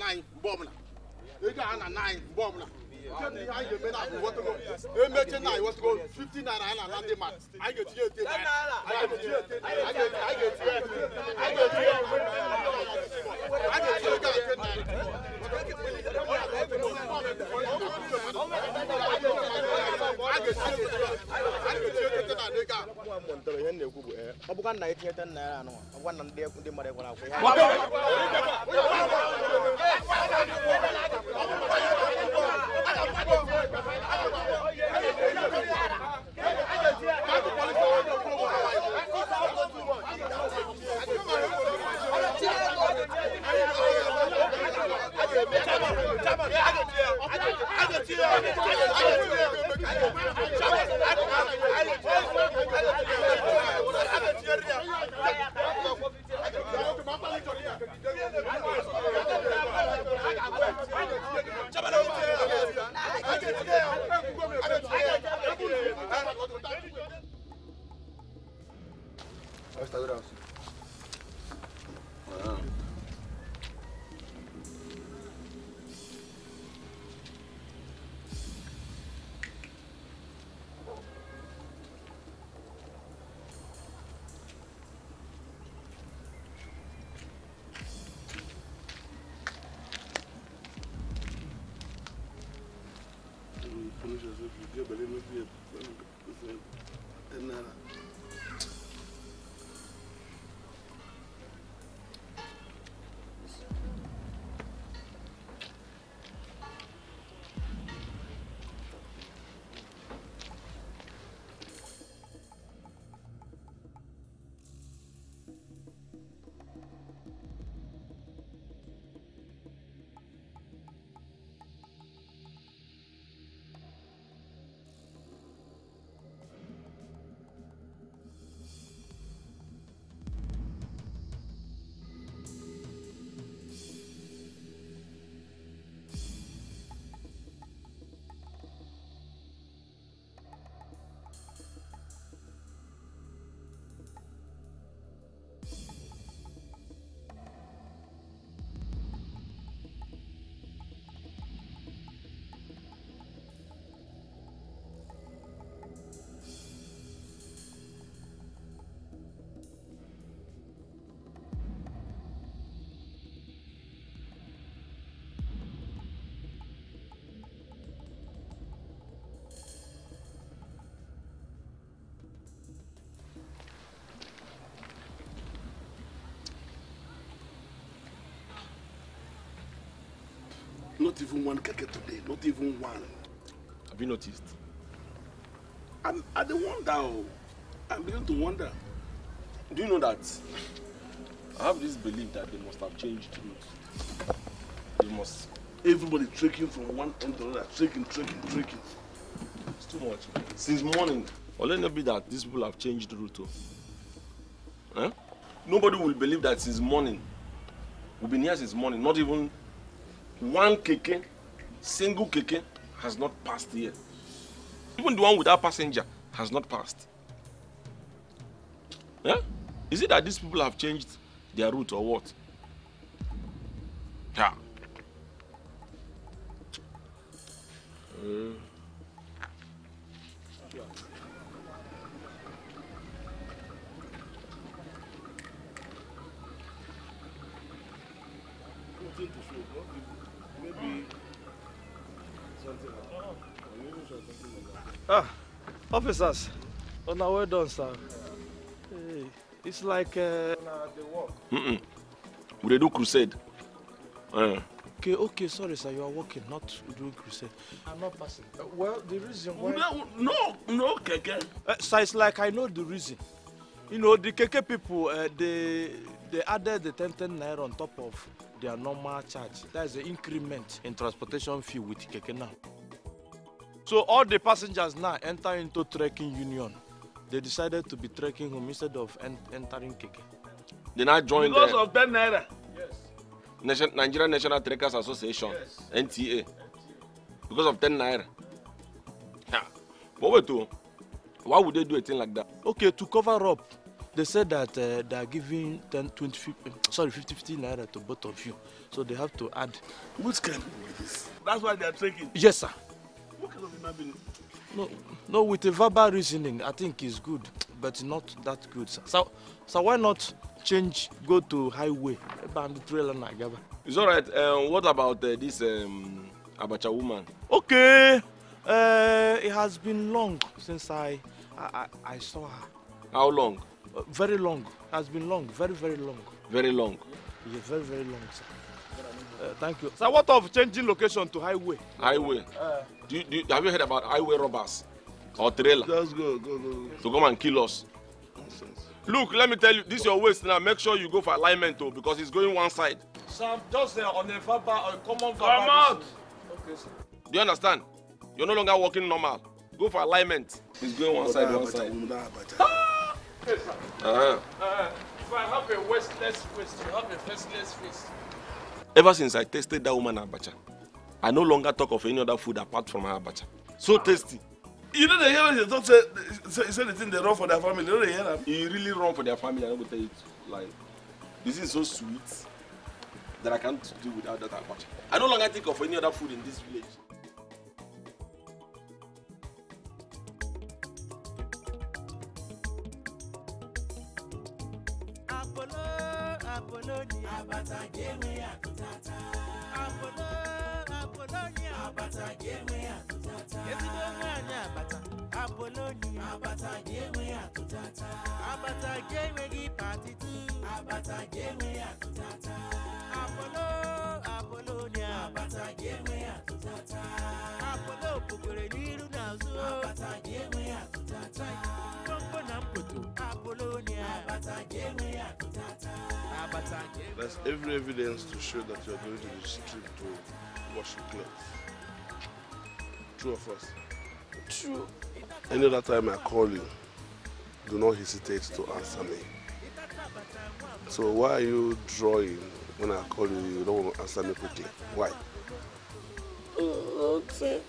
nine mgbe ọbụla ị ga-aha na nine mgbe ọbụla nke na ihe anyị ga-eme na abụ wetego emeche na iwetego 50 naira anyị na-ala ndị mmadụ anyị ga-etinye ete anyị ga-etinye ete anyị ga-etinye ete anyị ga-etinye anyị ga-etinye ga ete ọ bụkwa na etinye 10 naira anụ ọ bụkwa na ndị mmadụ gwara akwụ Not even one keke today. Not even one. Have you noticed? I'm, I don't wonder. Oh. I'm beginning to wonder. Do you know that? I have this belief that they must have changed route. They must. Everybody trekking from one end to another, trekking, trekking, trekking. It's too much. Since morning. Well, let it be that these people have changed the route. Oh. Eh? Nobody will believe that since morning. We've been here since morning, not even one keke, single keke has not passed yet. Even the one without passenger has not passed. Yeah? Is it that these people have changed their route or what? Yeah. Uh. Ah, officers, on our way done, sir. Hey, it's like uh, the work. We dey do crusade. Uh. Okay, okay, sorry, sir. You are working, not doing crusade. I'm not passing. Uh, well, the reason why. No, no, no keke. Uh, sir, it's like I know the reason. You know, the keke people, uh, they they added the 10 10 naira on top of their normal charge. That is the increment in transportation fee with keke now. So all the passengers now enter into trekking union. They decided to be trekking home instead of en entering Keke. Then I joined because the, of ten naira. Yes. Nation, Nigerian National Trekkers Association, yes. NTA. NTA. Because of ten naira. Yeah. But wait, oh. Why would they do a thing like that? Okay, to cover up, they said that uh, they are giving 10, 20, 50, sorry, 50, 50 naira to both of you. So they have to add. Which kind of That's why they are trekking. Yes, sir. What kind of human No, no, with a verbal reasoning, I think is good, but not that good, So, so why not change, go to highway, It's alright. Um, what about uh, this um, Abacha woman? Okay. Uh, it has been long since I, I, I, I saw her. How long? Uh, very long. It has been long. Very, very long. Very long? Yeah, very, very long, sir. Uh, thank you. Sir, what of changing location to highway? Highway. Uh, do do have you heard about highway robbers or trailer? Just go, go, go. go. To come and kill us. Look, let me tell you, this is your waist now. Make sure you go for alignment too, oh, because it's going one side. Sir, just uh, on a vapa, a common vapa. Come out! Okay, sir. Do you understand? You're no longer working normal. Go for alignment. It's going one side, one side. Ah! Hey, sir. Uh -huh. uh, if I have a waistless waist, you have a faceless face. Ever since I tasted that woman abacha, I no longer talk of any other food apart from her abacha. So tasty. You know they hear they talk say, say, say the thing they run for their family. You know they hear them. You really run for their family. I no go tell you like this is so sweet that I can't do without that abacha. I no longer think of any other food in this village. Apollo. apolonia abata gị enweghị ya tụtata. apolo apolonia abata gị enweghị atụ tata ezigbo nwaanyị abata apolonia abata gị enweghị atụ tata abata gị enweghị patitu abata gị enweghị ya tụtata. apolo apolonia abata gị enweghị ya tụtata. apolo pụkwere n'iru na azụ abata gị enweghị atụ tata mkpọmkpọ na mkpoto apolonia abata gị enweghị ya tụtata. There's every evidence to show that you're going to the street to wash your clothes. Two of us. True. Any other time I call you, do not hesitate to answer me. So why are you drawing when I call you, you don't want to answer me quickly? Why? Oh, okay.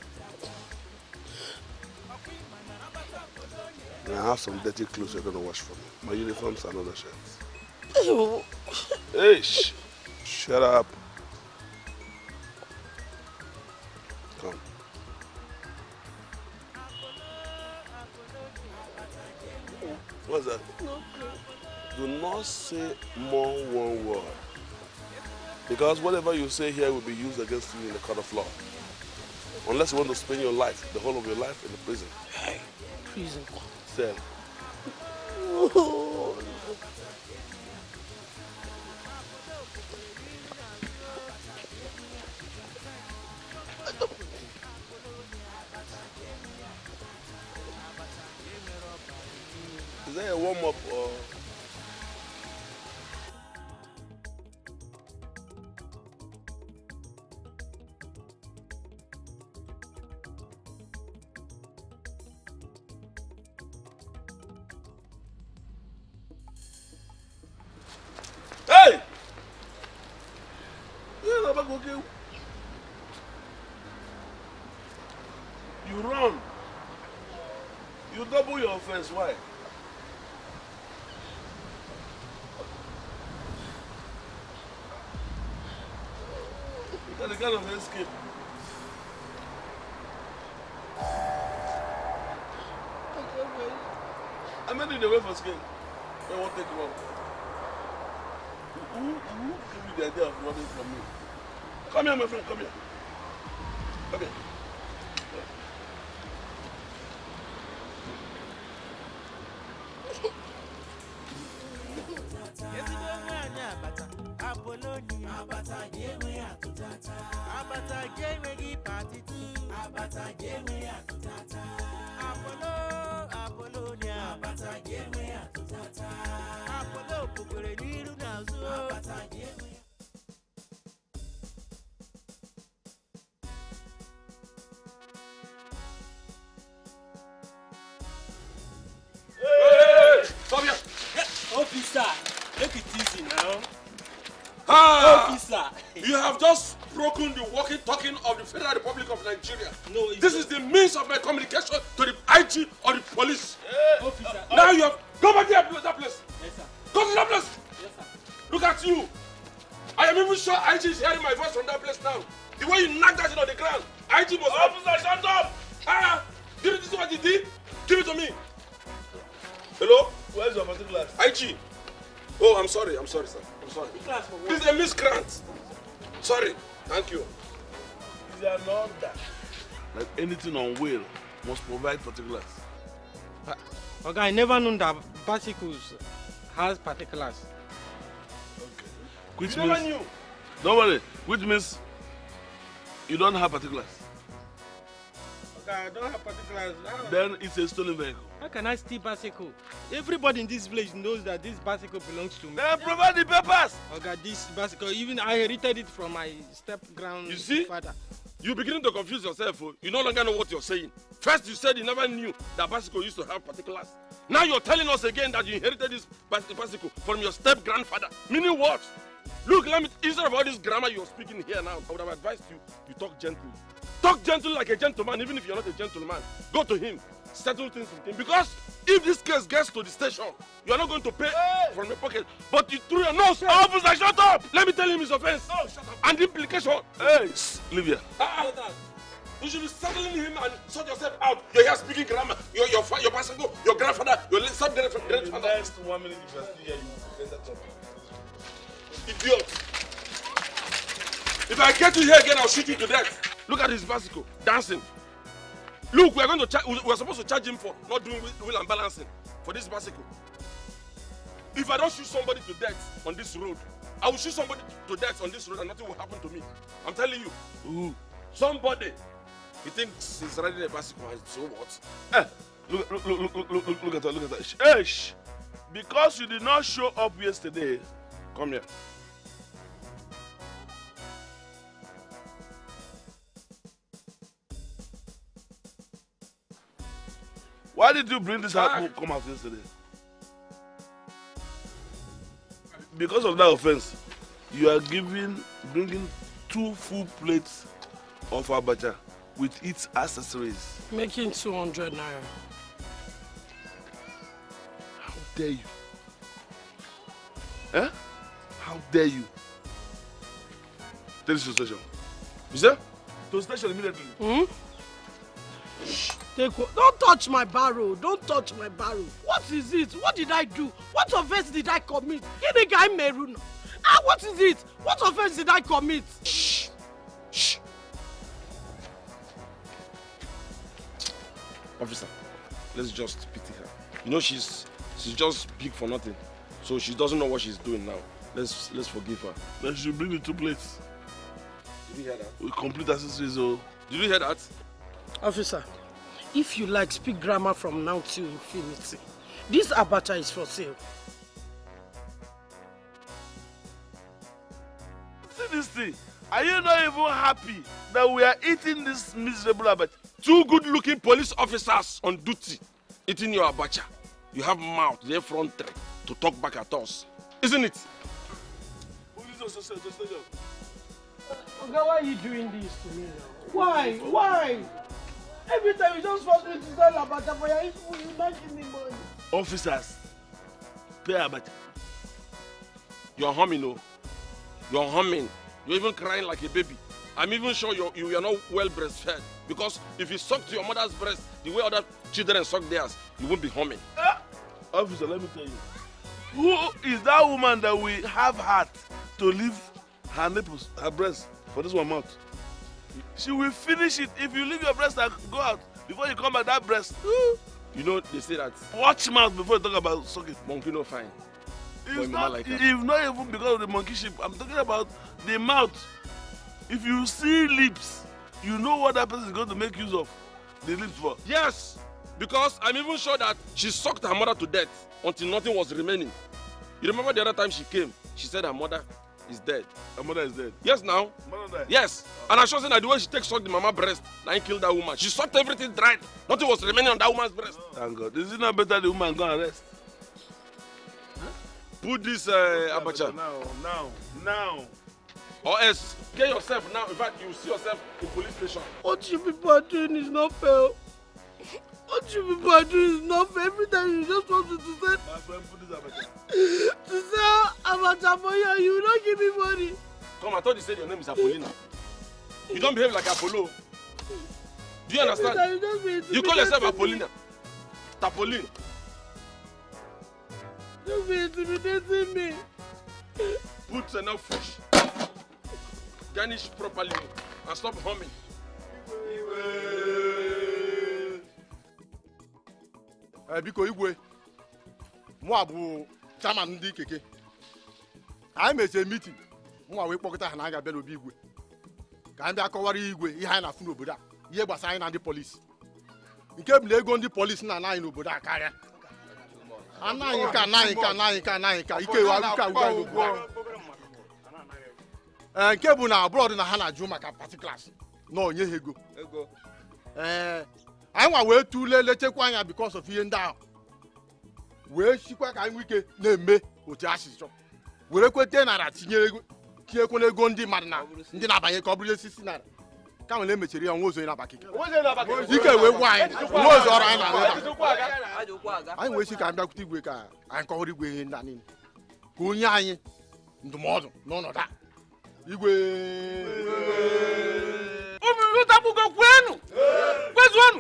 I have some dirty clothes you're going to wash for me. My uniforms another shirt. shirts. Hey, shut up. Come. What's that? Do not say more one word. Because whatever you say here will be used against you in the court of law. Unless you want to spend your life, the whole of your life in the prison. Hey, prison. Cell. first wife. That is kind of escape. I can't wait. I made it away for escape. They won't take him up. Who, who gave you the idea of running from me? Come here, my friend, come here. Come here. Aji. Oh, I'm sorry. I'm sorry, sir. I'm sorry. This is a miscreant. Sorry. Thank you. These are not that. Like anything on wheel must provide particulars. Uh, okay, I never known that bicycles has particulars. Okay. Which you means, never knew. Don't worry. Which means you don't have particulars. Okay, I don't have particulars. Don't then it's a stolen vehicle. How can I steal bicycle? Everybody in this village knows that this bicycle belongs to me. Then provide the papers! Okay, this bicycle, even I inherited it from my step ground You see? Father. You're beginning to confuse yourself. Oh. You no longer know what you're saying. First, you said you never knew that bicycle used to have particulars. Now you're telling us again that you inherited this bicycle from your step grandfather. Meaning what? Look, let me, instead of all this grammar you're speaking here now, I would have advised you, you talk gently. Talk gently like a gentleman, even if you're not a gentleman. Go to him, settle things with him because if this case gets to the station you are not going to pay hey. from your pocket but you threw your nose hey. off like shut up let me tell him his offence oh, and the implication hey leave here. Uh You should be settling him and sort yourself out. You're here speaking grammar. Your your your pastor, your grandfather, your sub grandfather. In the next one minute, if you are still here, you will get Idiot! If I get you here again, I'll shoot you to death. Look at his bicycle, dancing. Look, we are going to We are supposed to charge him for not doing wheel and balancing for this bicycle. If I don't shoot somebody to death on this road, I will shoot somebody to death on this road and nothing will happen to me. I'm telling you. Ooh. Somebody, he thinks he's riding a bicycle. So what? Eh, look, look, look, look, look, look, at that. Look at that. Eh, shh. Because you did not show up yesterday. Come here. Why did you bring this out? Ah. Come out yesterday. Because of that offense, you are giving, bringing two full plates of abacha with its accessories. Making 200 naira. How dare you? Eh? How dare you? Take this to the station. You see? To the station immediately. Mm -hmm. Take Don't touch my barrel. Don't touch my barrel. What is it? What did I do? What offense did I commit? Any guy Merun. Ah, what is it? What offense did I commit? Shh. Shh. Officer, let's just pity her. You know she's she's just big for nothing. So she doesn't know what she's doing now. Let's let's forgive her. Then she bring it to place. Did you hear that? We complete accessories, oh. Did you hear that? Officer, if you like, speak grammar from now till infinity. This abacha is for sale. See this thing? Are you not even happy that we are eating this miserable abacha? Two good-looking police officers on duty eating your abacha. You have mouth, their front three, to talk back at us. Isn't it? why are you doing this to me now? Why? Why? Every time you just force me to sell Abacha for your issue, you not give me money. Officers, pay Abacha. You're humming, no? Oh. You're humming. You're even crying like a baby. I'm even sure you're, you are not well breastfed. Because if you suck to your mother's breast the way other children suck theirs, you won't be humming. Uh, officer, let me tell you. Who is that woman that we have had to leave her nipples, her breast, for this one month? she will finish it if you leave your breast and go out before you come back that breast you know they say that watch mouth before you talk about sucking monkey no fine it's not like if not even because of the monkey ship i'm talking about the mouth if you see lips you know what that person is going to make use of the lips for. yes because i'm even sure that she sucked her mother to death until nothing was remaining you remember the other time she came she said her mother is dead. Her mother is dead. Yes, now. Mother died. Yes. Oh. And I sure say that the way she takes suck the mama breast, he killed that woman. She sucked everything dried. Nothing was remaining on that woman's breast. Oh. Thank God. Is it not better the woman go and rest? Huh? Put this uh, abacha. Now, now, now. Or else, get yourself now. In fact, you see yourself in police station. What you people are doing is not fair. What you people are doing is enough. Every time you just want to, to say. To sell abacha for you, you will not give me money. Come, I thought you said your name is Apolina. You don't behave like Apollo. Do you understand? You, you call yourself Apollina. Tapolin. Don't be intimidating me. Put enough fish. Garnish properly and stop humming. Iwe. Eh, biko igwe mụa bụ chairman ndị keke anyị mechie miti mụnwa wee kpọkọta ha na aga abịa n'obi igwe ka anyị bịa kọwara igwe ihe anyị na-afụ n'obodo a ihe gbasara anyị na ndị polisi nke bụ na ego ndị polisi na-ana anyị n'obodo a karịa anaghị nke anaghị nke anaghị nke anaghị nke ike ee eh, nke bụ na abroad na ha na-ajụ maka party na onye ha ego eh, anyị nwa wee tụlee lechekwa anya because of ihe ndị ahụ wee sikwa ka anyị nwike ike na-eme otu asịsọ were kwete nara tinyekwa ego ndị mmadụ na ndị na-abanye ka ọ bụrụ esi si nara ka nwere emechiri ya nwa ozo na-abakike ike wee gwa anyị nwa ozo ọrụ anyị na-alụba anyị wee si ka anyị bịakwute igwe ka anyị kọwara igwe ihe ndị a niile ka onye anyị ndụmọdụ n'ọnọdụ a igwe ụmụnụta akwụkwọ kwenu kwezuonu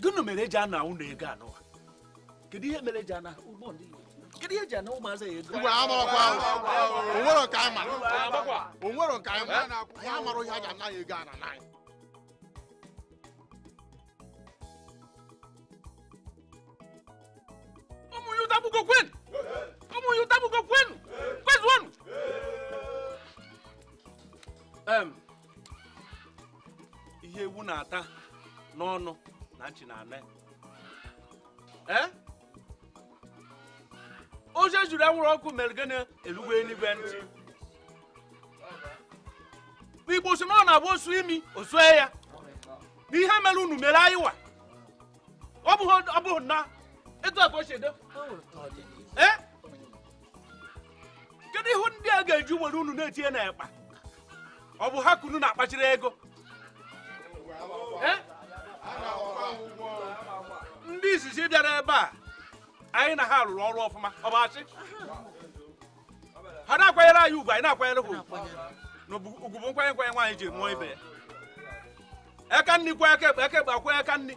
gịnị mere eji ana ụnụ ego anụwa kedu ihe mere eji ana ụgbọ ndị kedu ihe eji ana ụmụazị ya ego onwere nke anyị mara onwere nke anyị mara ya mara ihe a ji ana ya ego ana n'anyị ụmụ ya ụta akwụkwọ kwenu n'ọnụ na nchi na anị oche juru anwụrụ ọkụ mere gịnị elugbo eluigwe ntị igbo osu na ọ na-abụ osu imi osue ya na ihe mere unu mere anyịwa ọ bụghị na etu a ka o si ede kedu ihu ndị a ga-eji were unu na-etinye n'ekpa ọ bụ ha kunu na-akpachiri ego ebe a anyị na ha rụrụ ọrụ ọfụma ọ bụ achị ha na-akwanyere anyị ugwu anyị na-akwanyere ha ugwu na ugwu nkwanye nkwanye nwaanyị ji mụọ ibe ya eke nni kwa eke eke ekpe akwa nni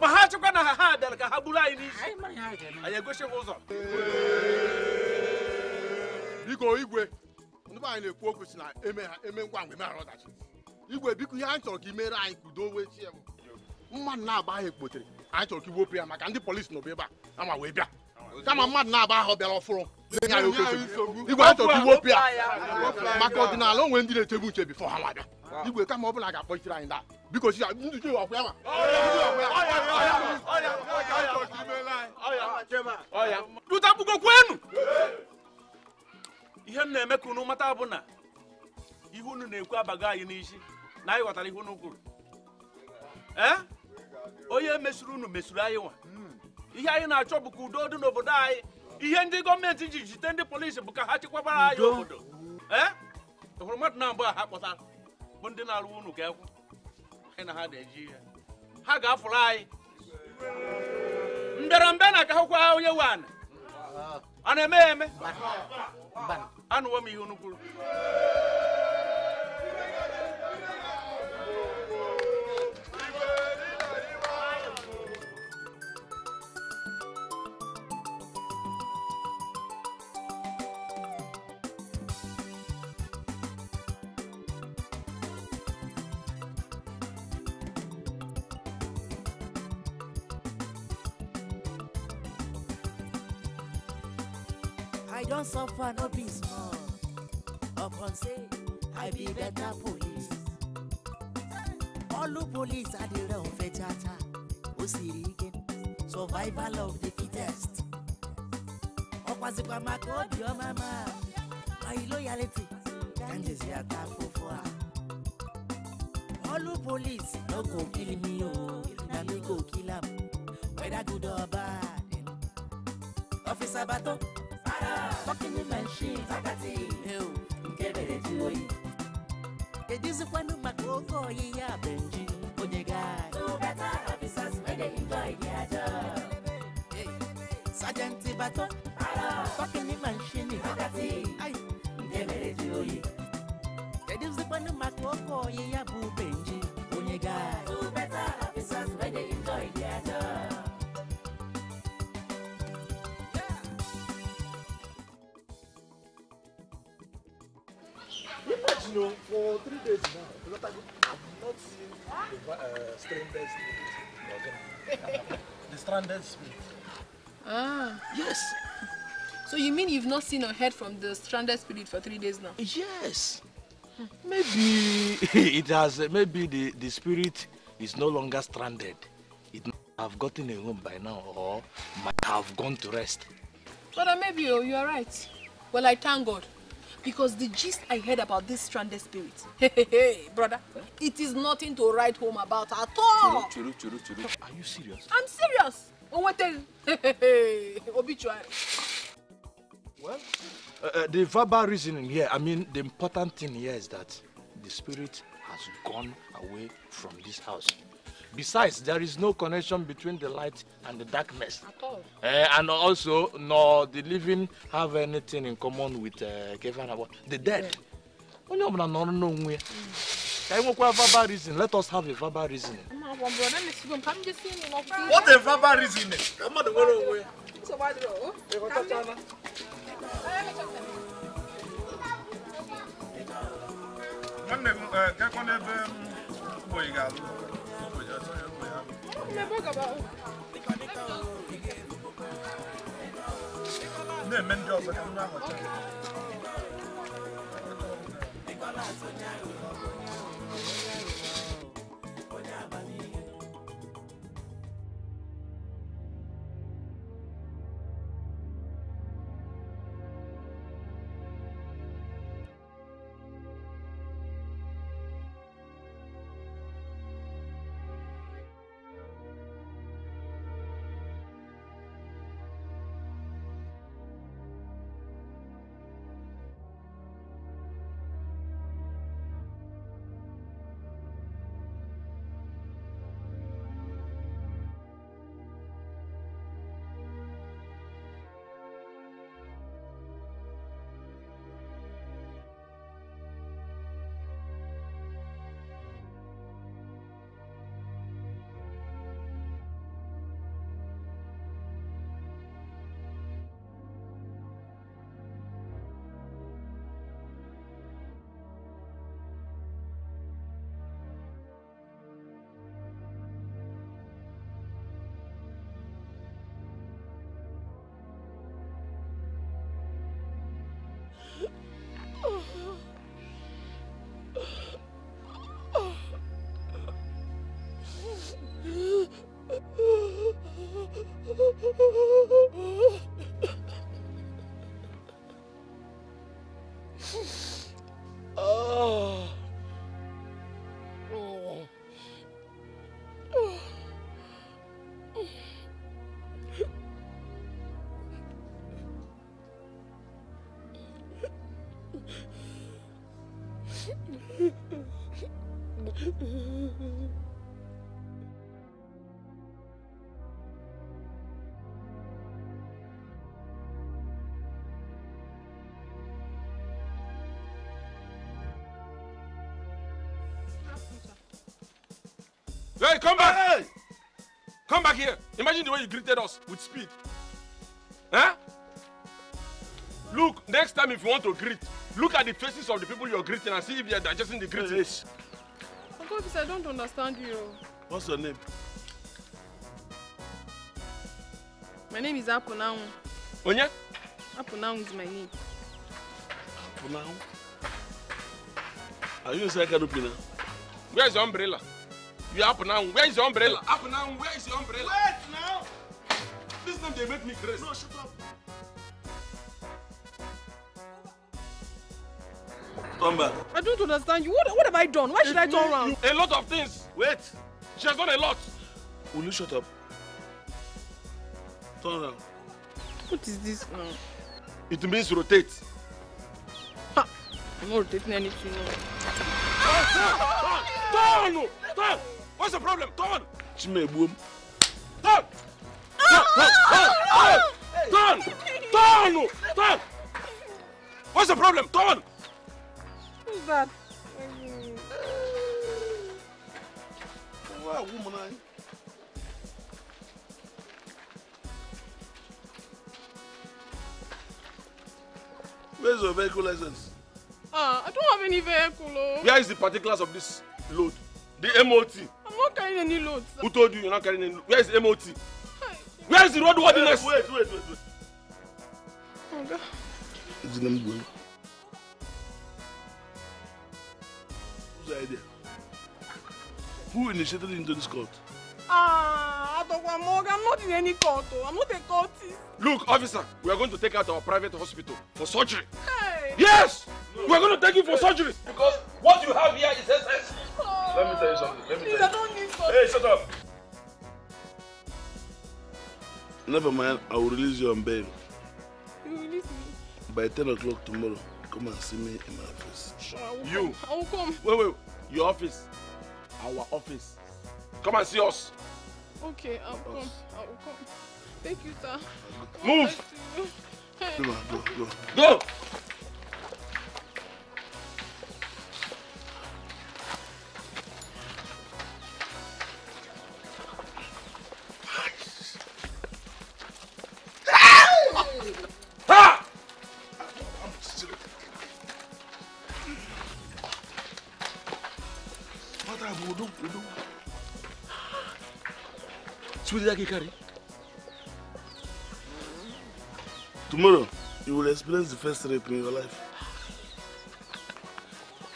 ma ha chekwa na ha ha bịara ka ha gburu anyị n'isi anyị egosi ụzọ biko igwe ndị anyị na-ekwu okwu si na eme ha eme ngwa ngwa emeghara ọdachi igwe biko ihe anyị chọrọ ka i mere anyị na-agba ekpotere anyị chọrọ ka iwepụ ya maka ndị polisi nọ ebe a ama wee bịa kama mmadụ na-aba ahụ bịara ọfụrụ igwe anyị chọrọ ka iwepụ ya maka ọdịnala onwe ndị na-echegbu nche bifọ ha ma bịa igwe kama ọ bụla ga-akpọchitere anyị daa biko si ndị ọkwa ihe m na-eme ka unu mata bụ na ihe unu na-ekwu abago anyị na anyị ghọtara ihe unu kwuru eh? onye mesuru unu mesuru anyị nwa ihe anyị na-achọ bụ ka udo dị n'obodo anyị ihe ndị gọọmenti ji jite ndị polisi bụ ka ha chekwabara anyị obodo hụrụ mmadụ na mbụ a ha kpọtara bụ ndị na-alụ unu ga-ekwu anyị na ha na-eji ihe ha ga-afụrụ anyị mbịarambịa na akahụkwa onye nwe ana ọ na-eme ya eme anụwo m ihe unu kwuru i don't suffer no be small upon say i be better police All the police adire ofe jata ó sì rí again, survival of the fittest ọ̀pàṣípà maka obi your mama. my loyalty kanjesi ata fofo a for All the police no go kill me oh, na me go kill am whether good or bad officer bato. Ọkịnị machine Bakati nke mere ji oyi edizikwanụ maka oke oyi ya benji onye gaa no better officers wey they enjoy their job Sergeant Bato ọkịnị machine give nke mere ji oyi edizikwanụ maka oke oyi ya bụ benji onye gaa no better officers wey they enjoy their stranded spirit. Ah. Yes. So you mean you've not seen or heard from the stranded spirit for three days now? Yes. Hmm. Maybe it has, maybe the, the spirit is no longer stranded. It have gotten a home by now or might have gone to rest. But uh, maybe oh, you are right. Well, I thank God. because the gist I heard about this stranded spirit, hey, hey, hey, brother, it is nothing to write home about at all. Churu, churu, churu, churu. Are you serious? I'm serious. Oh, what then? Obituary. Well, uh, uh, the verbal reasoning here, I mean, the important thing here is that the spirit has gone away from this house. Besides, there is no connection between the light and the darkness. At all. Uh, and also, nor the living have anything in common with uh, the dead. Onye ọbụla nọrọ n'onwe Let us have a verbal reason. What a verbal reason? Mmadụ nwere onwe ya. Ịghọtachana. Oh. Nwanne m gakwa eh, n'ebe m mgbe ị ga-alụ. na-eme ndị ọzọ アハハ。Hey, come back. Hey. Come back here. Imagine the way you greeted us with speed. Huh? Look, next time if you want to greet, look at the faces of the people you're greeting and see if they're digesting the greeting. Yes. Uncle Officer, I don't understand you. What's your name? My name is Apunaun. Onye? Apunaun is my name. Apunaun? Are you inside canopy Where's your umbrella? be up now. Where is your umbrella? Up now. Where your umbrella? Wait now. This time they make me crazy. No, shut up. Tomba. I don't understand you. What, what have I done? Why should it I turn around? A lot of things. Wait. She has done a lot. Will you shut up? Turn around. What is this now? It means rotate. Ha! I'm not rotating anything. Now. Ah! Ah! Ah! Turn! Turn! Turn! What's the problem? Turn! Chimebuom. boom. Turn! Turn! Turn! Turn! What's the problem? Turn! that? Why woman Where's your vehicle license? Ah, I don't have any vehicle. Oh. Where is the particulars of this load? The MOT carrying any load. Sir. Who told you you're not carrying any load? Where is MOT? Where is the road worthiness? Wait, wait, wait, wait. Oga. Is the name going? Whose idea? Who initiated into this cult? Ah, Adogwamo, I'm not in any cult. Oh. I'm not a cultist. Look, officer, we are going to take her to our private hospital for surgery. Hey. Yes! No. We are going to take you for hey. surgery. Because what you have here is SS. Oh. Let me tell you something. Let me Please, tell you. Hey, shut up. Never mind, I will release you on bail. You release me? By 10 o'clock tomorrow, come and see me in my office. Sure, I will You? Come. I will come. Wait, wait, your office. Our office. Come and see us. Okay, I will come. I will come. Thank you, sir. Move! Go, go, go. Go! that carry? Tomorrow, you will experience the first rape in your life.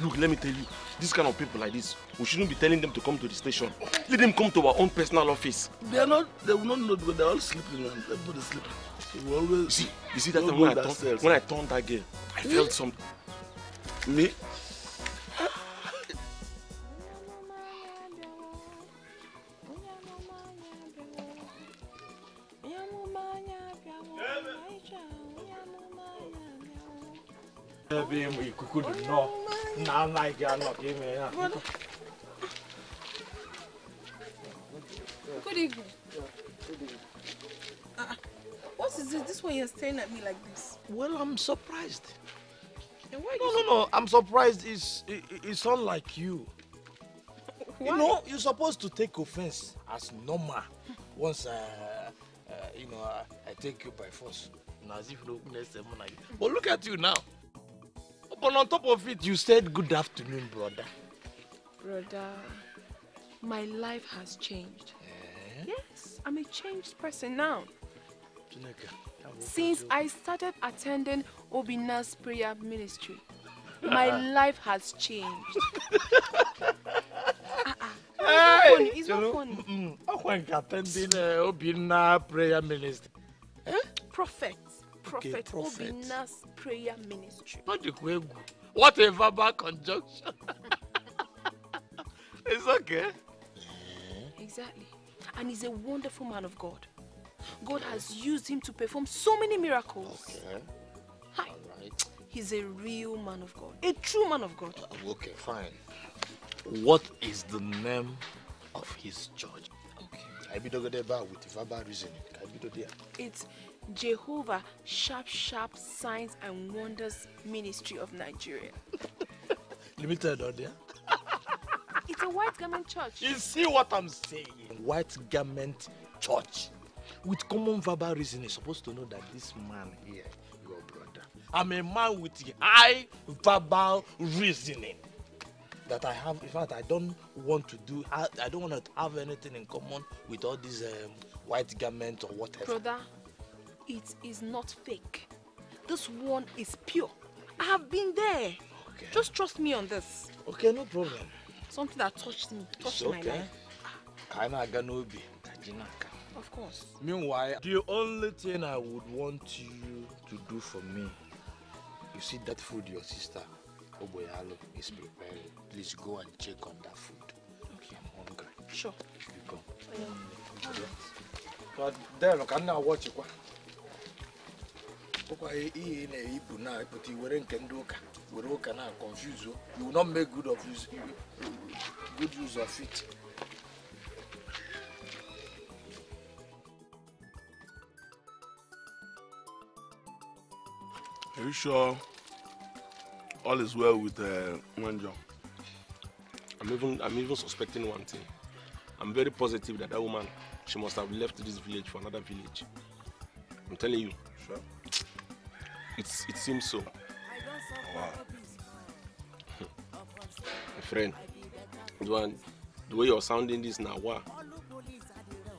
Look, let me tell you, this kind of people like this, we shouldn't be telling them to come to the station. Let them come to our own personal office. They are not, they will not know, because they are all sleeping, man. Everybody's sleeping. They will always... You see, you see that when I, turned, when I turned that girl, I felt something. Me? you not me Good. Good evening. Uh, what is this? This one you're staring at me like this. Well, I'm surprised. no, no, no. I'm surprised it's, it, it's unlike you. Why? You know, you're supposed to take offense as normal once, uh, uh, you know, I, I take you by force. But look at you now on top of it, you said good afternoon, brother. Brother, my life has changed. Eh? Yes, I'm a changed person now. Since I started attending Obina's prayer ministry, my life has changed. Ah, ah. Hey, it's not funny. It's not funny. attending uh, Obina prayer ministry. Eh? Prophet. Prophet, okay, prophet. Obina's prayer ministry. What a verbal conjunction. it's okay. Exactly. And he's a wonderful man of God. God has used him to perform so many miracles. Okay. Hi. All right. He's a real man of God. A true man of God. Uh, okay, fine. What is the name of his church? Okay. It's Jehovah Sharp Sharp Signs and Wonders Ministry of Nigeria. Limited on It's a white garment church. You see what I'm saying? White garment church. With common verbal reason, you're supposed to know that this man here, your brother, I'm a man with high verbal reasoning. That I have, in fact, I don't want to do, I, I don't want to have anything in common with all these um, white garments or whatever. Brother, it is not fake. This one is pure. I have been there. Okay. Just trust me on this. Okay, no problem. Something that touched me, touched it's okay. my life. Kana Ganobi, Jinaka. Of course. Meanwhile, the only thing I would want you to do for me, you see that food your sister, Oboyalo, is preparing. Please go and check on that food. Okay. I'm hungry. Sure. You go. Oh, yeah. Mm. But there, look, I'm not watching. tụkwa ihe na-eyipu na-ekpụta iwere nke ndị ụka were ụka na confuse you will not make good, of good use of it Are you sure all is well with uh, Nwanjo? I'm even, I'm even suspecting one thing. I'm very positive that that woman, she must have left this village for another village. I'm telling you. Sure. It's, it seems so. Wow. My friend, the way you're sounding this now,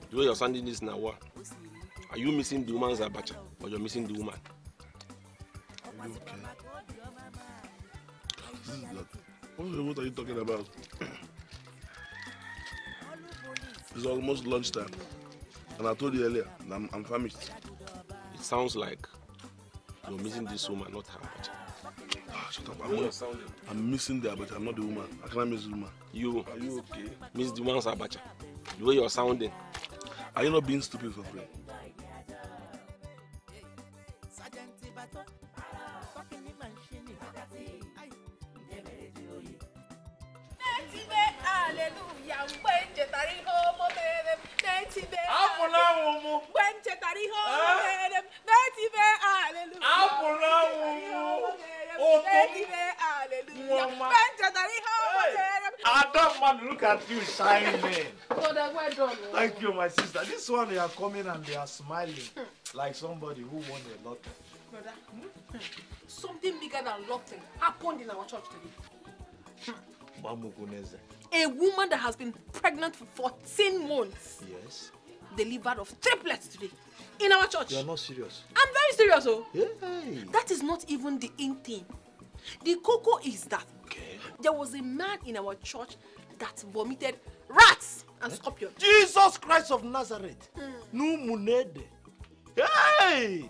The way you're sounding this now, Are you missing the woman's abacha or you're missing the woman? Are you okay? This is not, what, what are you talking about? it's almost lunchtime. And I told you earlier, I'm, I'm famished. It sounds like You're missing this woman, not her body. Ah, shut up. I'm, I'm missing the abacha. I'm not the woman. I cannot miss the woman. You. Are you okay? Miss the one's abacha. The way you're sounding. Are you not being stupid for free? sister, this one they are coming and they are smiling like somebody who won a lottery. Brother, hmm? something bigger than lottery happened in our church today. Mamuguneze. A woman that has been pregnant for 14 months. Yes. Delivered of triplets today in our church. You are not serious. I'm very serious, oh. That is not even the in thing. The cocoa is that okay. there was a man in our church that vomited rats. and eh? scorpion. Jesus Christ of Nazareth. No Mm. Hey!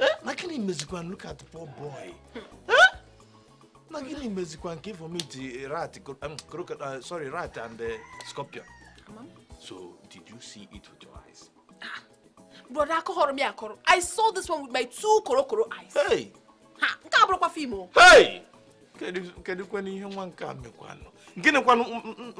Eh? Nakini imezikwan look at poor boy. Hmm. Eh? Nakini imezikwan came for me the rat, um, uh, sorry, rat and uh, scorpion. So, did you see it with your eyes? Ah. Brother, I saw this one with my two korokoro eyes. Hey! Ha! Nke a Hey! kedu kwenu ihe nwa nke a mekwanụ gịnị kwanụ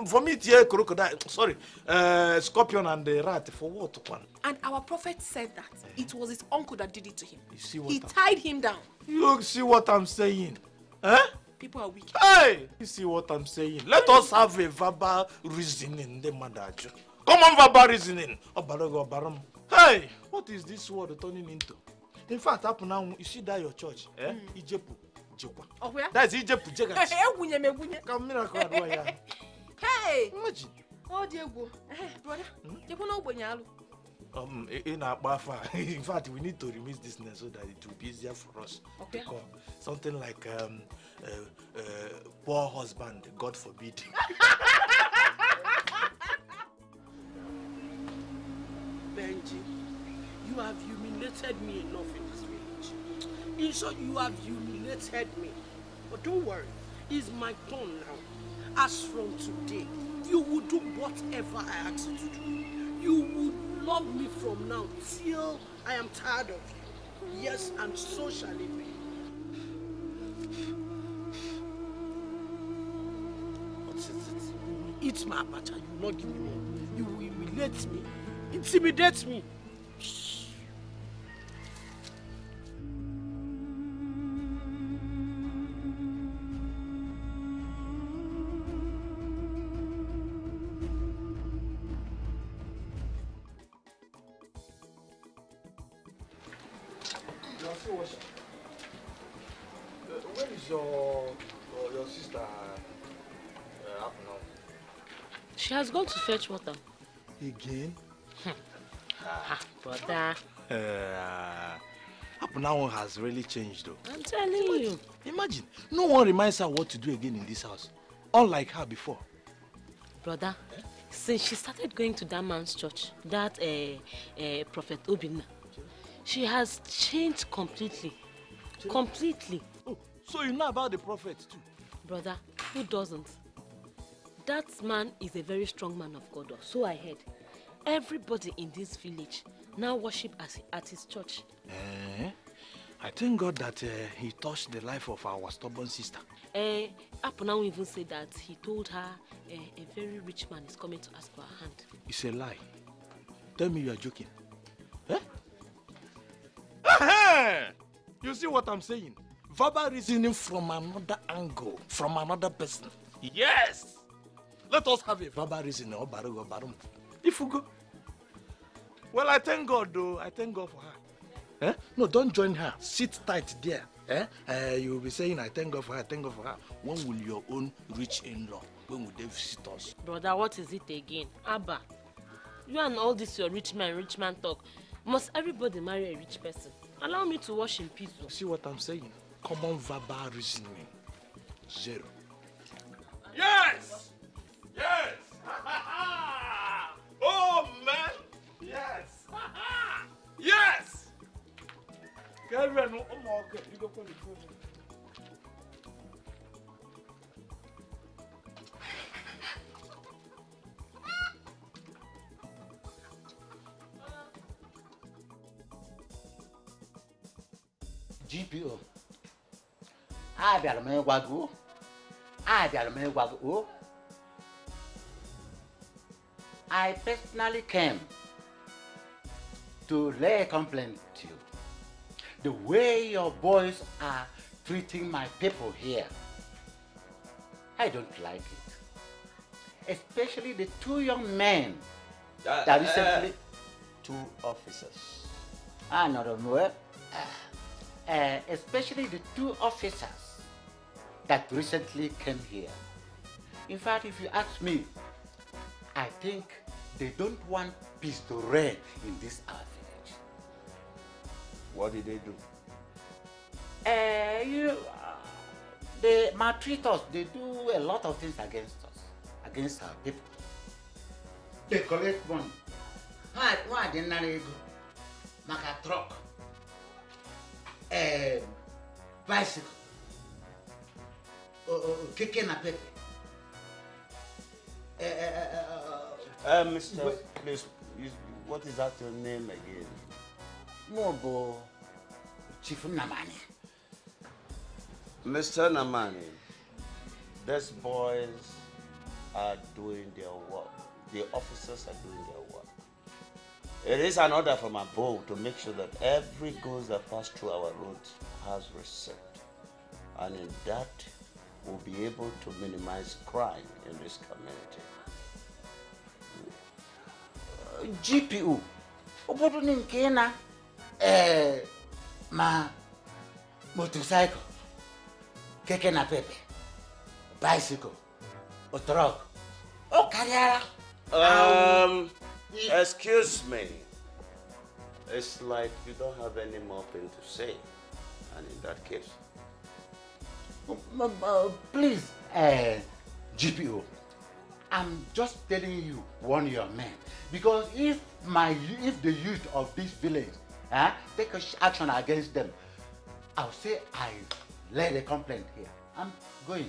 vomitie crocodile sorry eh, scorpion and the rat for what kwanụ and our prophet said that it was his uncle that did it to him you see what he tied him down you see what i'm saying eh? people are weak. hey you see what i'm saying let us have a verbal reasoning ndị mmadụ ajụ common verbal reasoning ọbara gị ọbara m hey what is this word turning into in fact hapụ now, you see that your church eh? mm. ijepu hey mmaji Oh dear, egwu brother do hmm? na ogbenye um, in our in fact, we need to remove this now so that it will be easier for us okay. to call something like um, uh, uh, poor husband, God forbid. Benji, you have humiliated me enough. you, so you have humiliated me. But don't worry, it's my turn now. As from today, you will do whatever I ask you to do. You will love me from now till I am tired of you. Yes, and so shall it be. What is it? You will eat my abacha, you will not give me more. You will humiliate me, intimidate me. want to fetch water. Again? Hmm. brother. Uh, up now has really changed though. I'm telling imagine, you. Imagine, no one reminds her what to do again in this house. Unlike her before. Brother, eh? since she started going to that man's church, that uh, uh, Prophet Obina, she has changed completely. Changed? Completely. Oh, so you know about the prophet too? Brother, who doesn't? That man is a very strong man of God, so I heard. Everybody in this village now worship at his church. Eh? I thank God that uh, he touched the life of our stubborn sister. Eh? up now even said that he told her eh, a very rich man is coming to ask for her hand. It's a lie. Tell me you are joking. Eh? You see what I'm saying? Verbal reasoning from another angle, from another person. Yes! Let us have a verbal reasoning or baru or If you go. Well, I thank God though. I thank God for her. Eh? No, don't join her. Sit tight there. Eh? Uh, you will be saying, I thank God for her, I thank God for her. When will your own rich in-law? When will they visit us? Brother, what is it again? Abba, you and all this your rich man, rich man talk. Must everybody marry a rich person? Allow me to wash in peace. Though. See what I'm saying? Common verbal reasoning. Zero. Yes! Yes! oh, man! Yes! yes! Quero ver no amor que diga com o povo. GPO. Ah, velho, meu guagô. Ah, velho, meu guagô. I personally came to lay a complaint to you. The way your boys are treating my people here, I don't like it. Especially the two young men that eh, recently... Uh, two officers. Ah, not a word. Uh, eh. especially the two officers that recently came here. In fact, if you ask me, I think they don't want peace to reign in this our village. What did they do? Uh, you, uh, they maltreat us. They do a lot of things against us, against our people. They collect money. Why, why they not ego? Make a truck, a bicycle, uh, uh, uh, kicking a paper. Mr. Um, wait, please, what is that your name again? Mobo Chief Namani. Mr. Namani, these boys are doing their work. The officers are doing their work. It is an order from above to make sure that every goods that pass through our road has receipt. And in that, we'll be able to minimize crime in this community. GPO ụfọdụ ndị nke eh ma motorcycle, keke na pepe bicycle truck, ọ karịara um excuse me it's like you don't have any more thing to say and in that case uh, please eh GPO I'm just telling you, warn your men. Because if my if the youth of this village eh, take action against them, I'll say I lay a complaint here. I'm going.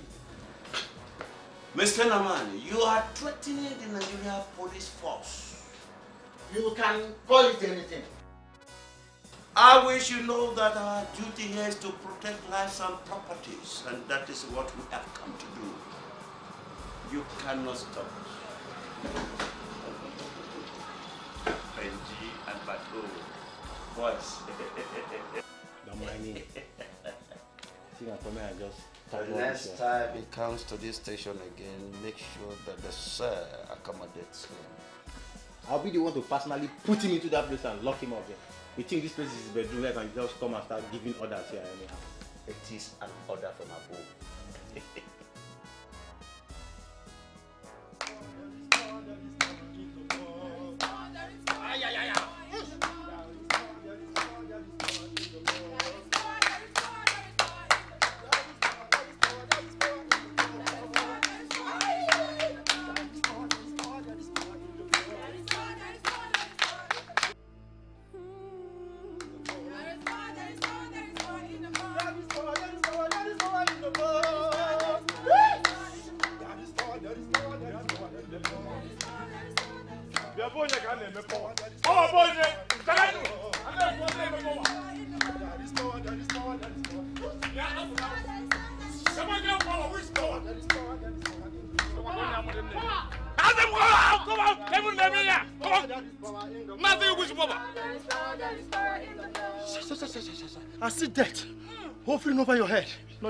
Mr. Naman, you are threatening the Nigeria police force. You can call it anything. I wish you know that our duty here is to protect lives and properties, and that is what we have come to do you cannot stop. Benji and Batu. Boys. Don't mind me. See, I come here and just the next time he comes to this station again, make sure that the sir accommodates him. I'll be the one to personally put him into that place and lock him up there. You think this place is his bedroom where can you just come and start giving orders here anyhow? It is an order from above.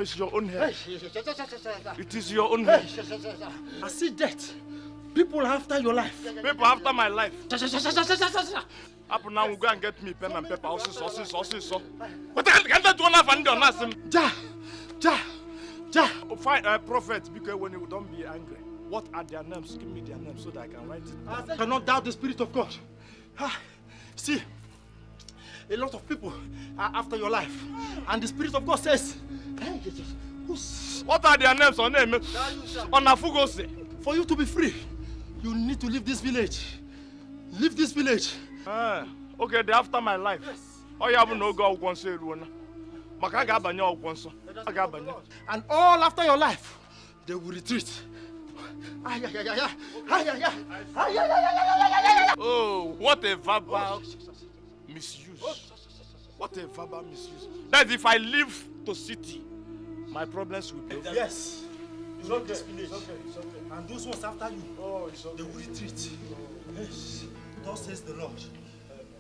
is your own hair. It is your own hair. I see death. People after your life. People after my life. Up now, go and get me pen and paper. Also, also, also, also. What I can't do enough and your not Ja, ja, ja. Find a prophet because when you don't be angry. What are their names? Give me their names so that I can write it. Down. I cannot doubt the spirit of God. see, a lot of people are after your life. And the spirit of God says, What are their names or name? Onafugose. For you to be free, you need to leave this village. Leave this village. Uh, okay, they're after my life. Yes. Oh, you haven't yes. no God once you run. Maka gabanya once. Agabanya. And all after your life, they will retreat. Oh, what a verbal misuse. What a verbal misuse. That if I leave the city, my problems will be over. Yes. It's okay. It's okay. It's okay. And those ones after you, oh, it's okay. they will retreat. Oh. Yes. Thus says the Lord.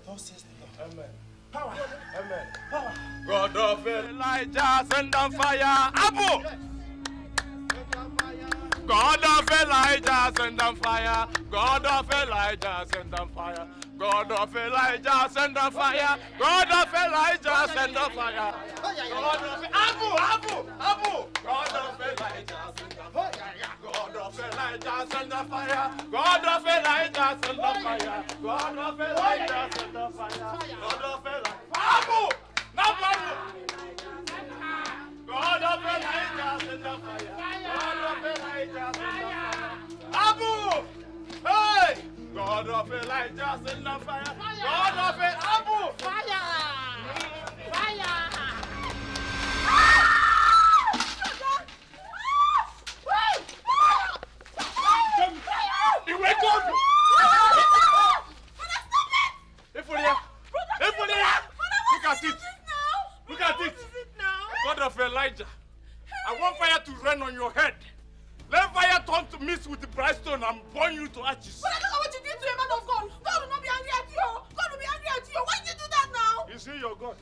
Thus says the Lord. Amen. Power. Amen. Power. God of Elijah, send down fire. Abu. Yes. God of Elijah, send down fire. God of Elijah, send down fire. God of Elijah, send a fire. God of Elijah, send a fire. God of Abu, Abu, Abu. God of Elijah, send a fire. God of Elijah, send a fire. God of Elijah, send a fire. God of Elijah, send a fire. God of Elijah, Abu, not Abu. God of Elijah, send a fire. God of Elijah, send a fire. Abu, hey. God of Elijah, send the fire. fire. God of Abu. Fire. Fire. Look at it. Look at it. God of Elijah, I want fire to rain on your head. Let fire come to mix with the brimstone and burn you to ashes. But I don't know what you did to a man of God. God will not be angry at you. God will be angry at you. Why did you do that now? Is he your God?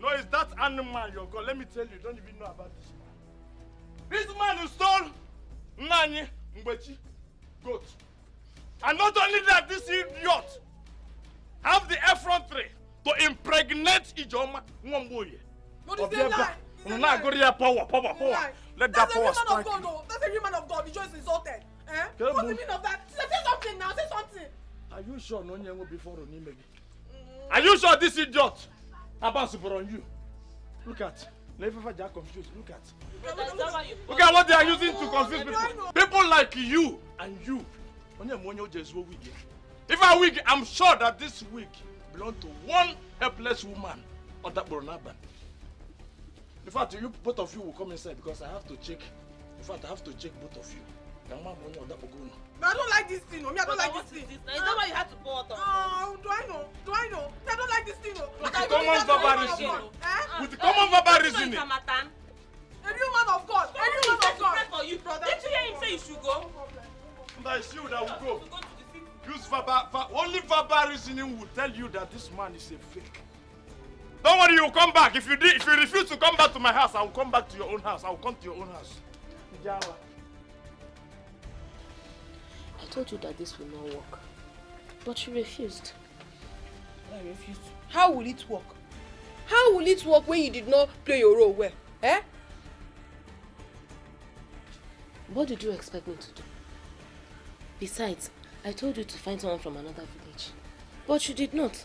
No, is that animal your God. Let me tell you, you don't even know about this man. This man who stole Nani Mbechi goat. And not only that, this idiot have the effrontery to impregnate Ijoma Mwamboye. No, this is a lie. This is a lie. Power, power, power. Let that power strike you. No. That's a human of God. You just insulted. Eh? Tell What's the meaning of that? Say, say something now. Say something. Are you sure no nyango before Onimegi? Mm. Are you sure this idiot about super on you? Look at. Never Jack confused. Look at. Look at what they are using to oh, confuse people. People like you and you. If I wig, I'm sure that this wig belongs to one helpless woman on that Boronaban. In fact, you both of you will come inside because I have to check. In fact, I have to check both of you. But I don't like this thing, no. Me, I don't like this thing. Is that why you had to pour water? Oh, do I know? Do I know? I don't like this thing, no. With the common verbal reasoning. With the common verbal reasoning. A real man of God. Every man of God. for you, brother. Didn't you hear him say you should go? That is you that will go. Use verbal, only verbal reasoning will tell you that this man is a fake. Don't worry, you'll come back. If you, did, if you refuse to come back to my house, I will come back to your own house. I will come to your own house. I told you that this will not work. But you refused. I refused. How will it work? How will it work when you did not play your role well? Eh? What did you expect me to do? Besides, I told you to find someone from another village. But you did not.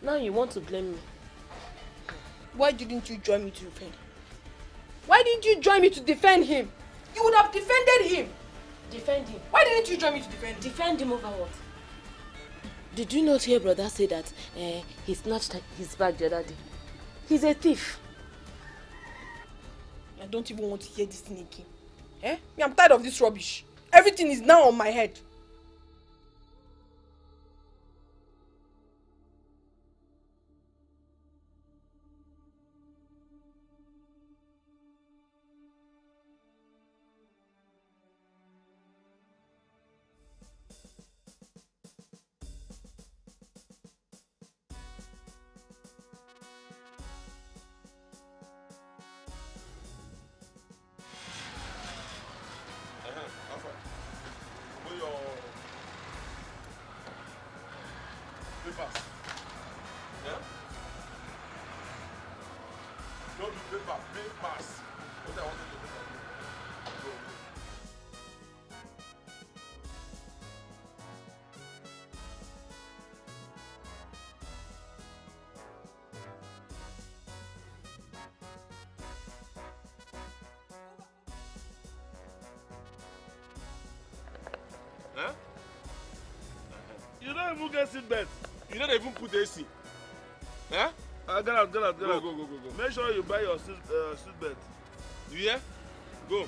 Now you want to blame me. Why didn't you join me to defend him? Why didn't you join me to defend him? You would have defended him. Defend him? Why didn't you join me to defend him? Defend him over what? Did you not hear brother say that uh, he snatched his bag the other day? He's a thief. I don't even want to hear this thing again. Eh? I'm tired of this rubbish. Everything is now on my head. Don't be paper, pay pass. What I wanted to do. Go. Huh? You don't even get seatbelt. You don't even put AC. Huh? Uh, get out, get out, get go, out. Go, go, go, go. Make sure you buy your seat, uh, seat belt. You hear? Go.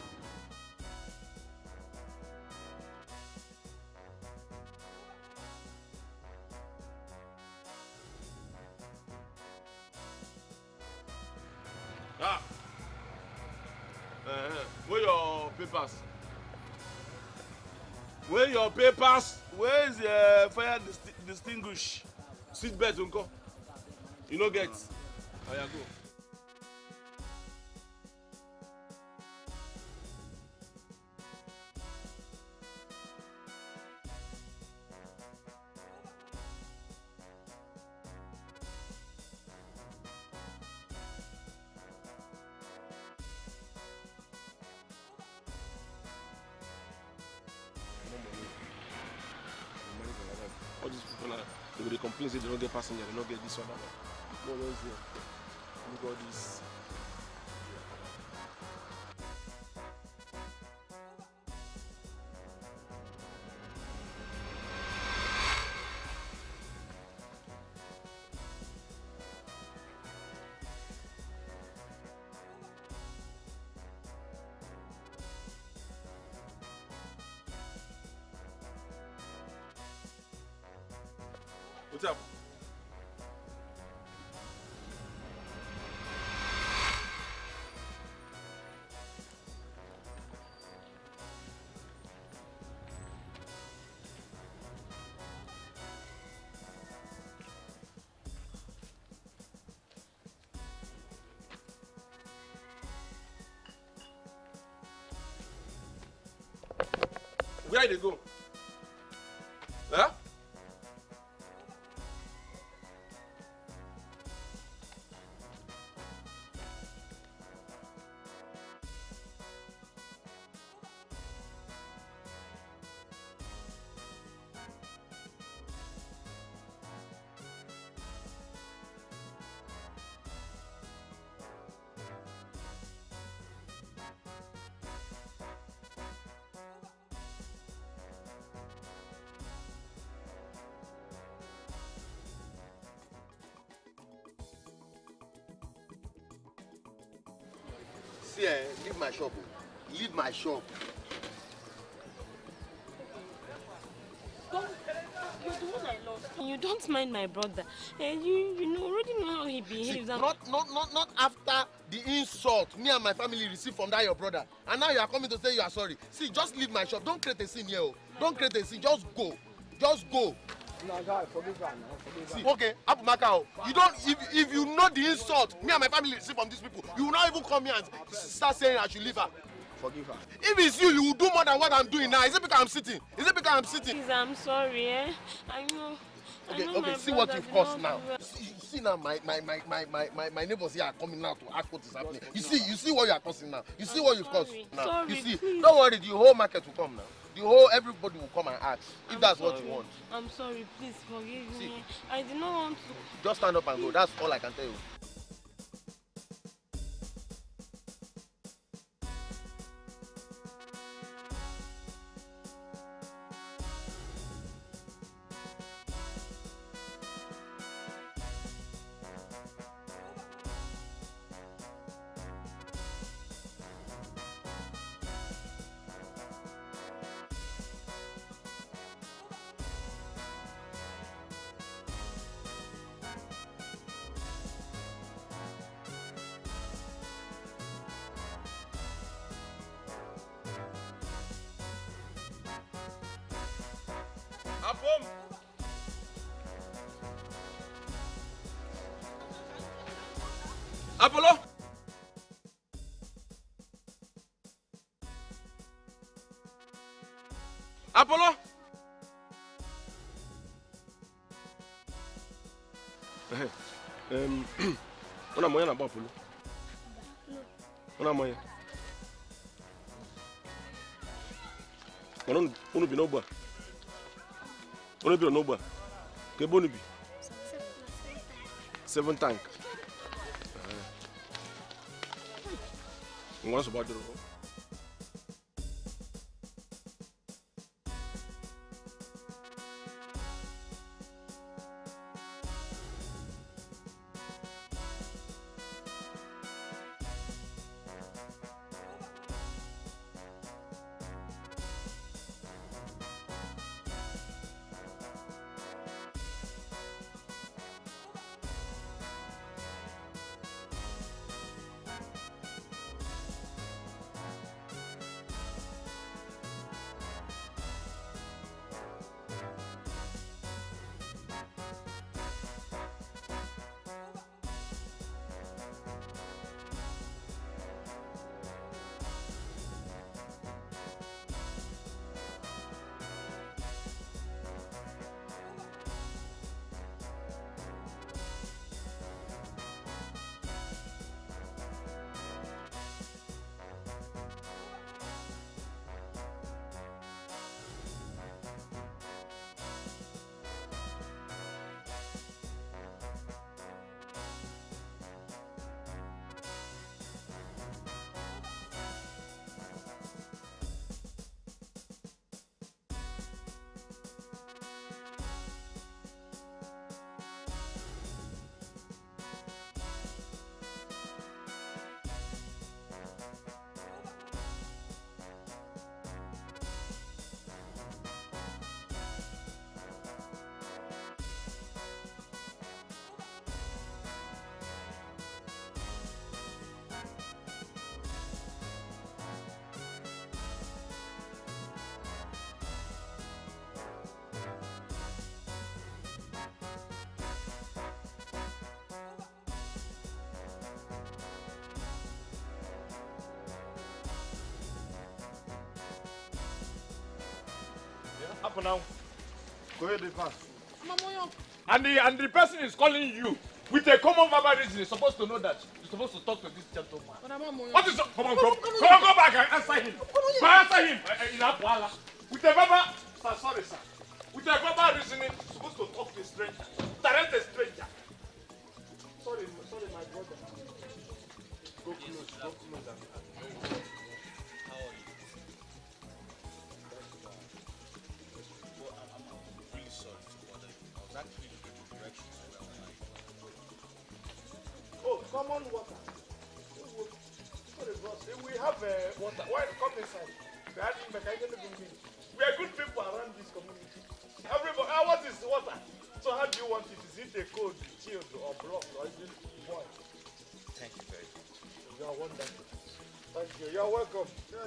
Ah. Uh, where your papers? Where your papers? Where is the uh, fire dist distinguish? Seat belt, uncle. You know, get. Oh yeah, go. All these people are, they will complain, they don't get passengers, they don't get this one, that one. Bolonzinho. O disse. Tchau. Where they go? my shop. You don't mind my brother. Uh, you you know, already know how he behaves. See, not, not, not, not after the insult me and my family received from that your brother. And now you are coming to say you are sorry. See, just leave my shop. Don't create a scene here. Oh. Don't create a scene. Just go. Just go. No, guy, forgive her See, okay, Abumaka, oh, you don't. If, if you know the insult me and my family received from these people, you will not even come here and start saying I should leave her forgive her. If it's you, you will do more than what I'm doing now. Is it because I'm sitting? Is it because I'm sitting? Please, I'm sorry, eh? I know. Okay, okay, see what you've caused now. See, see now, my, my, my, my, my, my, my neighbors here are coming now to ask what is happening. You see, you see what you are causing now. You see I'm what you've sorry. caused now. Sorry, you see, please. don't worry, the whole market will come now. The whole everybody will come and ask if I'm that's sorry. what you want. I'm sorry, please forgive see, me. I did not want to. Just stand up and go. That's all I can tell you. Boom! Apollo! Apollo! Hey, um, on a moyen là-bas, Apollo. On a moyen. On a moyen. Ono bi ono ba. Ke bonu bi. Seven tank. Ngwa so ba duro. Up now. Go ahead fast. And the, and the person is calling you with a common verbal reason. You're supposed to know that. You're supposed to talk to this gentleman. What is... Come on, go. Come on, go back and answer him. Go answer him. Eh, eh, with a verbal... Sir, sorry, sir. With a verbal reasoning, you're supposed to talk to a stranger. Direct a stranger. Sorry, sorry, my brother. Go close, go close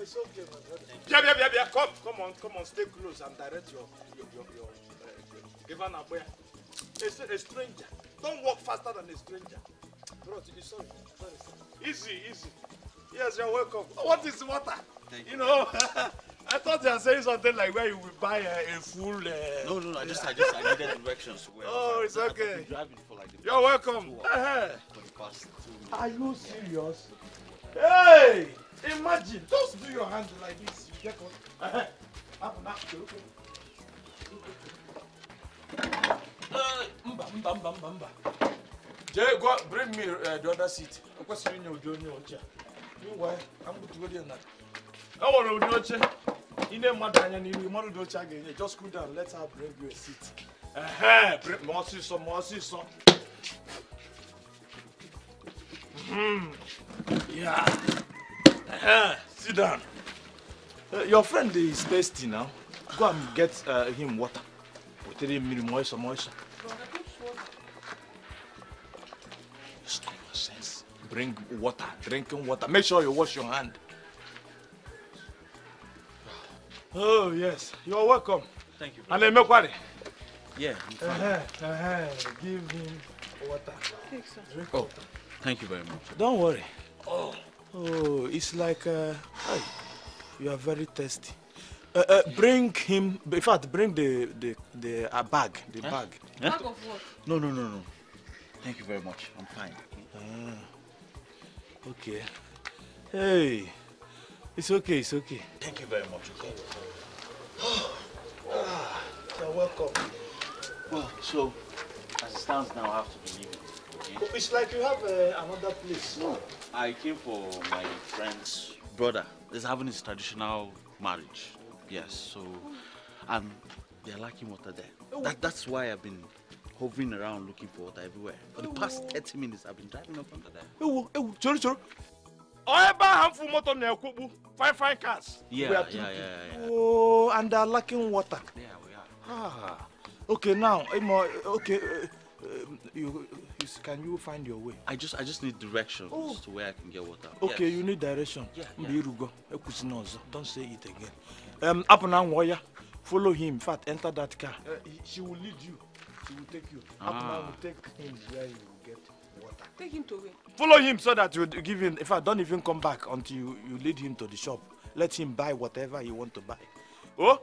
it's okay, my brother. Yeah, yeah, yeah, yeah. Come, come on, come on, stay close and direct your your your, your uh, Abuya. A, a stranger. Don't walk faster than a stranger. Bro, sorry, sorry. Easy, easy. Yes, you're welcome. Oh, what is water? Thank you. You know. I thought they are saying something like where you will buy a, a full. Uh, no, no, no. I just, I just, I needed directions. Well, oh, it's I, okay. I've driving for like the You're welcome. Two, uh for the past two Are you serious? Yeah. Hey! imagine, just do your hand like this, you get caught. Hapụ na mba mba mba mba mba jee go bring me uh, the other seat ekwesịrị inye ụdị onye oche meanwhile I'm going to go there now e nwere ụdị oche ị na mmadụ anya n'ihu mmadụ dị oche a ga-enye just cool down let her bring you a seat ehe bring ma ọsịsọ ma ọsịsọ hmm. yeah ehe Sit down. Uh, your friend is thirsty now. Go and get uh, him water. Tell him moisture, moisture. It's common sense. Bring water, drinking water. Make sure you wash your hand. Oh, yes. You're welcome. Thank you. And then make worry. Yeah. Uh -huh, uh -huh. Give him water. Drink oh, water. thank you very much. Don't worry. Oh. Oh, it's like, uh, hey, you are very thirsty. Uh, uh, bring him, in fact, bring the, the, the uh, bag, the huh? bag. Huh? Bag of what? No, no, no, no. Thank you very much. I'm fine. Ah, okay. Hey, it's okay, it's okay. Thank you very much. Okay. ah, you're welcome. Well, so, as it stands now, I have to believe it's like you have uh, another place. No. I came for my friend's brother. He's having his traditional marriage. Yes, so, and they're lacking water there. Oh. That, that's why I've been hovering around looking for water everywhere. For the oh. past 30 minutes, I've been driving up under there. oh, ewo, oh, choro, choro. Oeba harmful motor na ekwobu. five fine cars. Yeah, yeah, yeah, yeah, yeah. Oh, and they're lacking water. Yeah, we are. Ah, okay, now, okay, uh, um, you, is, can you find your way? I just I just need directions oh. to where I can get water. Okay, yes. you need direction. Yeah. yeah. Don't say it again. Um, up and warrior. Follow him. Fat, enter that car. Uh, she will lead you. She will take you. Ah. Up will take him where you will get water. Take him to where? Follow him so that you give him. In fact, don't even come back until you, you lead him to the shop. Let him buy whatever he want to buy. Oh,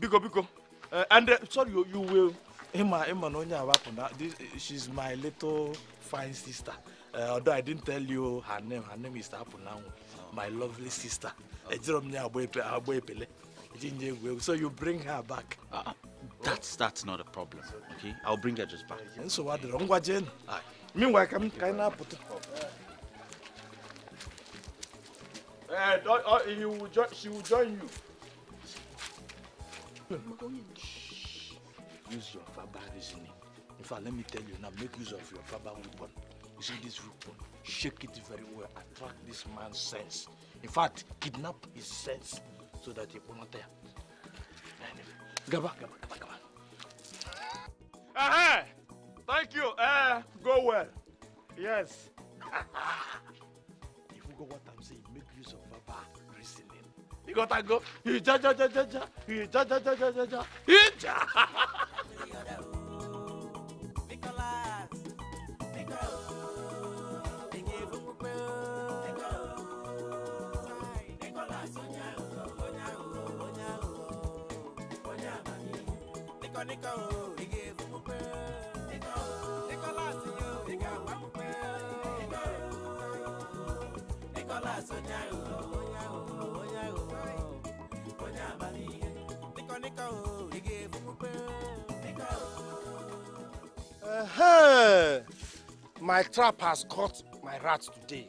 biko biko. Uh, and uh, sorry, you, you will. Emma, Emma, no, yeah, This, she's my little fine sister. Uh, although I didn't tell you her name, her name is Apuna, my lovely sister. Oh. So you bring her back. Uh, that's that's not a problem. Okay, I'll bring her just back. And so what the wrong Jen? Meanwhile, come kind of put. Uh, he will she will join you use your Faba reasoning. In fact, let me tell you now, make use of your Faba weapon. You see this weapon, shake it very well, attract this man's sense. In fact, kidnap his sense so that he will not tell. Gaba, Gaba, Gaba, Gaba. Uh-huh. Thank you. Uh, go well. Yes. If you go, what I'm saying. Make use of Baba reasoning. You gotta go. You ja ja ja ja ja. You ja ja ja ja ja ja. níkà o ìgè fúnfún pé níkà o níkọ́láàsì yó pé níkà o níkọ́láàsì o ọjà o My trap has caught my rat today.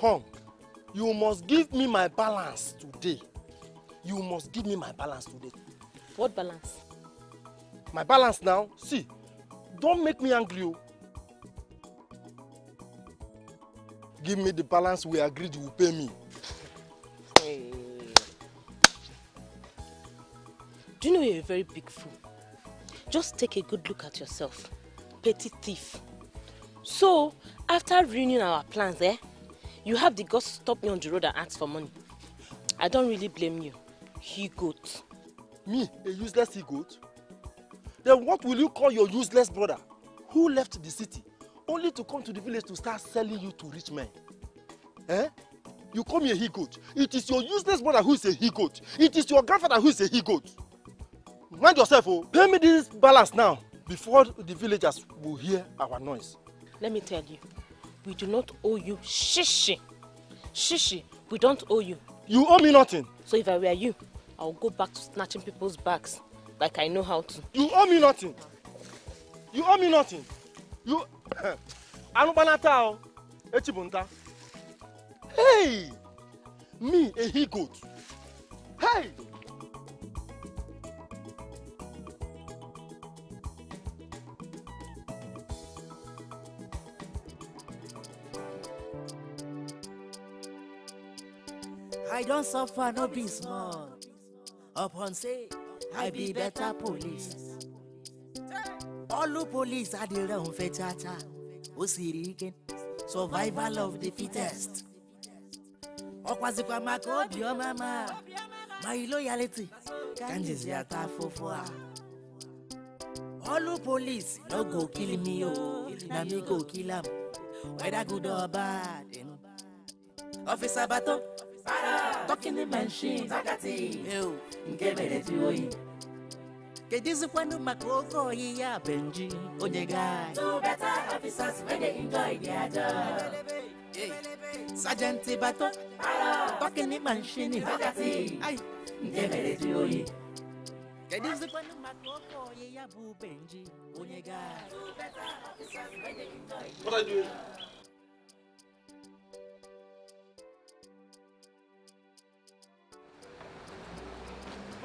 Come, you must give me my balance today. You must give me my balance today. What balance? My balance now? See, don't make me angry. Oh. Give me the balance we agreed you will pay me. Hey. Do you know you're a very big fool? Just take a good look at yourself. Petty thief. So, after ruining our plans, eh? You have the guts to stop me on the road and ask for money. I don't really blame you. He goat. Me, a useless e-goat? Then what will you call your useless brother who left the city only to come to the village to start selling you to rich men? Eh? You call me a he-goat. It is your useless brother who is a he-goat. It is your grandfather who is a he-goat. Mind yourself, oh. Pay me this balance now before the villagers will hear our noise. Let me tell you, we do not owe you shishi. Shishi, we don't owe you. You owe me nothing. So if I were you, I'll go back to snatching people's bags like I know how to. You owe me nothing. You owe me nothing. You. Anubanata o. Echibunta. Hey! Me, a he goat. Hey! I don't suffer, no be small upon say I be better police. All police are the round fetata. Osiriken, survival of the fittest. Okwazikwa makobi o mama. My loyalty kanjisi ata fofua. All police no go kill me o, na me go kill am. Whether good or bad. Officer Bato, talking the machine, nke mere tu oyi kedụzikwanụ maka oke oyi ya benji onye gaa sajenti bato tọkịnị nke mere tu oyi kedụzikwanụ maka oke oyi ya bụ benji onye gaa What are you doing?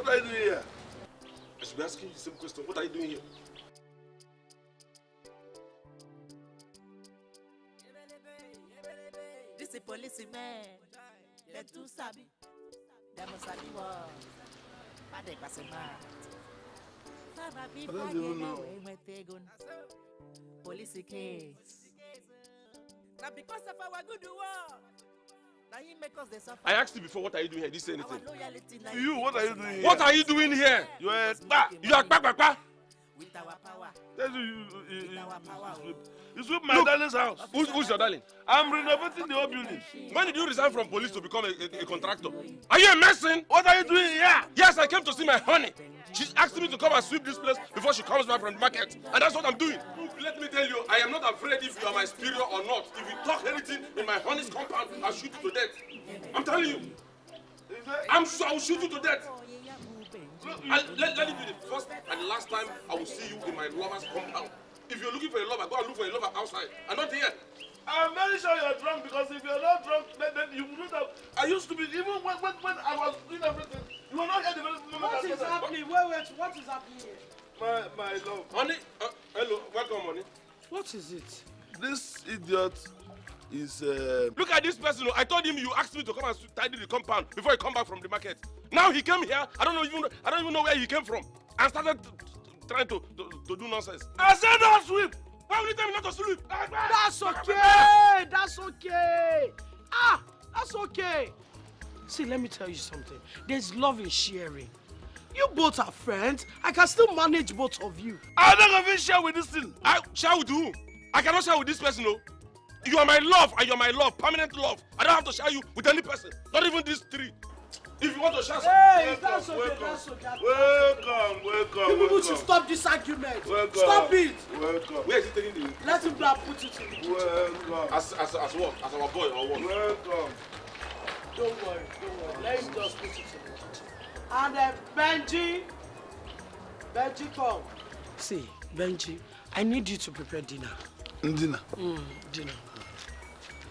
What are you doing here? I should be asking you the same question. What are you doing here? This is man. They too sabi. They must sabi what. But they pass mad. Baba be bagging away eh, my tegon. Oh. Police case. Now because of our good work. I asked you before, what are you doing here? Did you say anything? You, what are you doing here? What are you doing here? You are, you are, back, are, you With our power. You sweep, my Look, darling's house. Who's, who's your darling? I'm renovating the whole building. When did you resign from police to become a, a, a contractor? Are you a mason? What are you doing here? Yes, I came to see my honey. She's asking me to come and sweep this place before she comes back from the market. And that's what I'm doing. Look, let me tell you, I am not afraid if you are my superior or not. If you talk anything in my honey's compound, I'll shoot you to death. I'm telling you. I'm sure I'll shoot you to death. I, let, let it be the first and last time I will see you in my lover's compound. If you're looking for a lover, go and look for a lover outside I'm not here. I'm very sure you're drunk because if you're not drunk, then, then you wouldn't have. I used to be, even when, when, when I was doing everything, you were not here the very moment. What is happening? Wait, wait, what is happening here? My, my love. Honey, uh, hello, welcome, honey. What is it? This idiot is. Uh... Look at this person. Oh. I told him you asked me to come and tidy the compound before you come back from the market. Now he came here. I don't know even I don't even know where he came from and started trying to, to, to do nonsense. I said don't sweep. Why will you tell me not to sleep? That's okay. That's okay. Ah, that's okay. See, let me tell you something. There's love in sharing. You both are friends. I can still manage both of you. I not going to share with this thing. I share with who? I cannot share with this person, no. You are my love, and you are my love, permanent love. I don't have to share you with any person, not even these three. If you want to shout, hey, welcome, that's welcome, that's welcome, welcome, welcome. People welcome. should stop this argument. Welcome, stop it. Welcome. Where is he taking the? Let him black put it in the kitchen. Welcome. As as as what? As our boy or what? Welcome. Don't worry, don't worry. Let him just put it in the kitchen. And then uh, Benji, Benji come. See, Benji, I need you to prepare dinner. Dinner. Mm, dinner.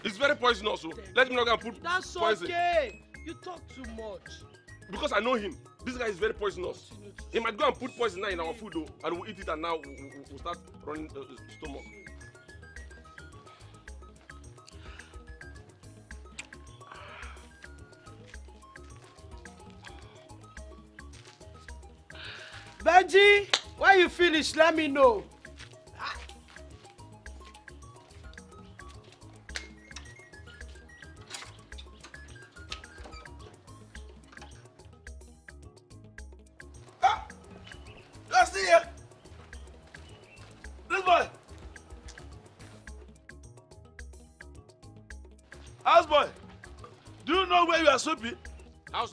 It's very poisonous. So oh. let me not go and put that's poison. That's okay. You talk too much. Because I know him. This guy is very poisonous. He might go and put poison in our food, though, and we'll eat it, and now we'll, we'll start running the uh, stomach. Benji, when you finish, let me know.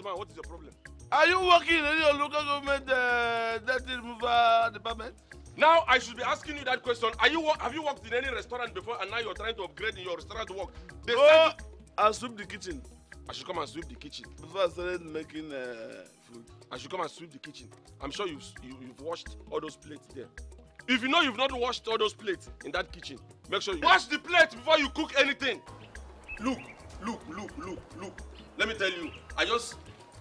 man, what is your problem? Are you working in your local government uh, dirty removal department? Now I should be asking you that question. Are you have you worked in any restaurant before and now you're trying to upgrade in your restaurant work? They oh, said I'll sweep the kitchen. I should come and sweep the kitchen. Before I started making uh, food. I should come and sweep the kitchen. I'm sure you've, you, you've washed all those plates there. If you know you've not washed all those plates in that kitchen, make sure you wash the plate before you cook anything. Look, look, look, look, look. Let me tell you, I just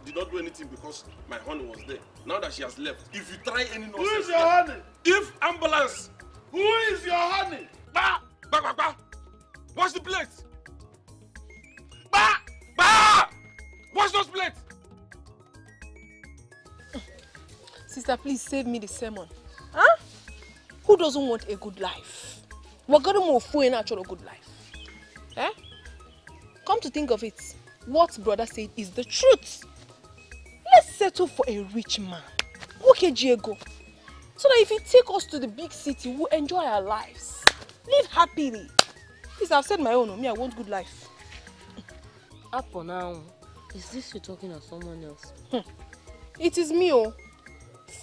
did not do anything because my honey was there. Now that she has left, if you try any nonsense... Who is your honey? If ambulance... Who is your honey? Ba! Ba, ba, ba! Wash the place? Ba! Ba! Wash those plates! Sister, please save me the sermon. Huh? Who doesn't want a good life? What got more fool natural good life? Eh? Come to think of it, what brother said is the truth. Let's settle for a rich man. okay, Diego. So that if he take us to the big city, we'll enjoy our lives. Live happily. Please, I've said my own. Me, I want good life. Up for now, is this you talking to someone else? Hmm. It is me, oh.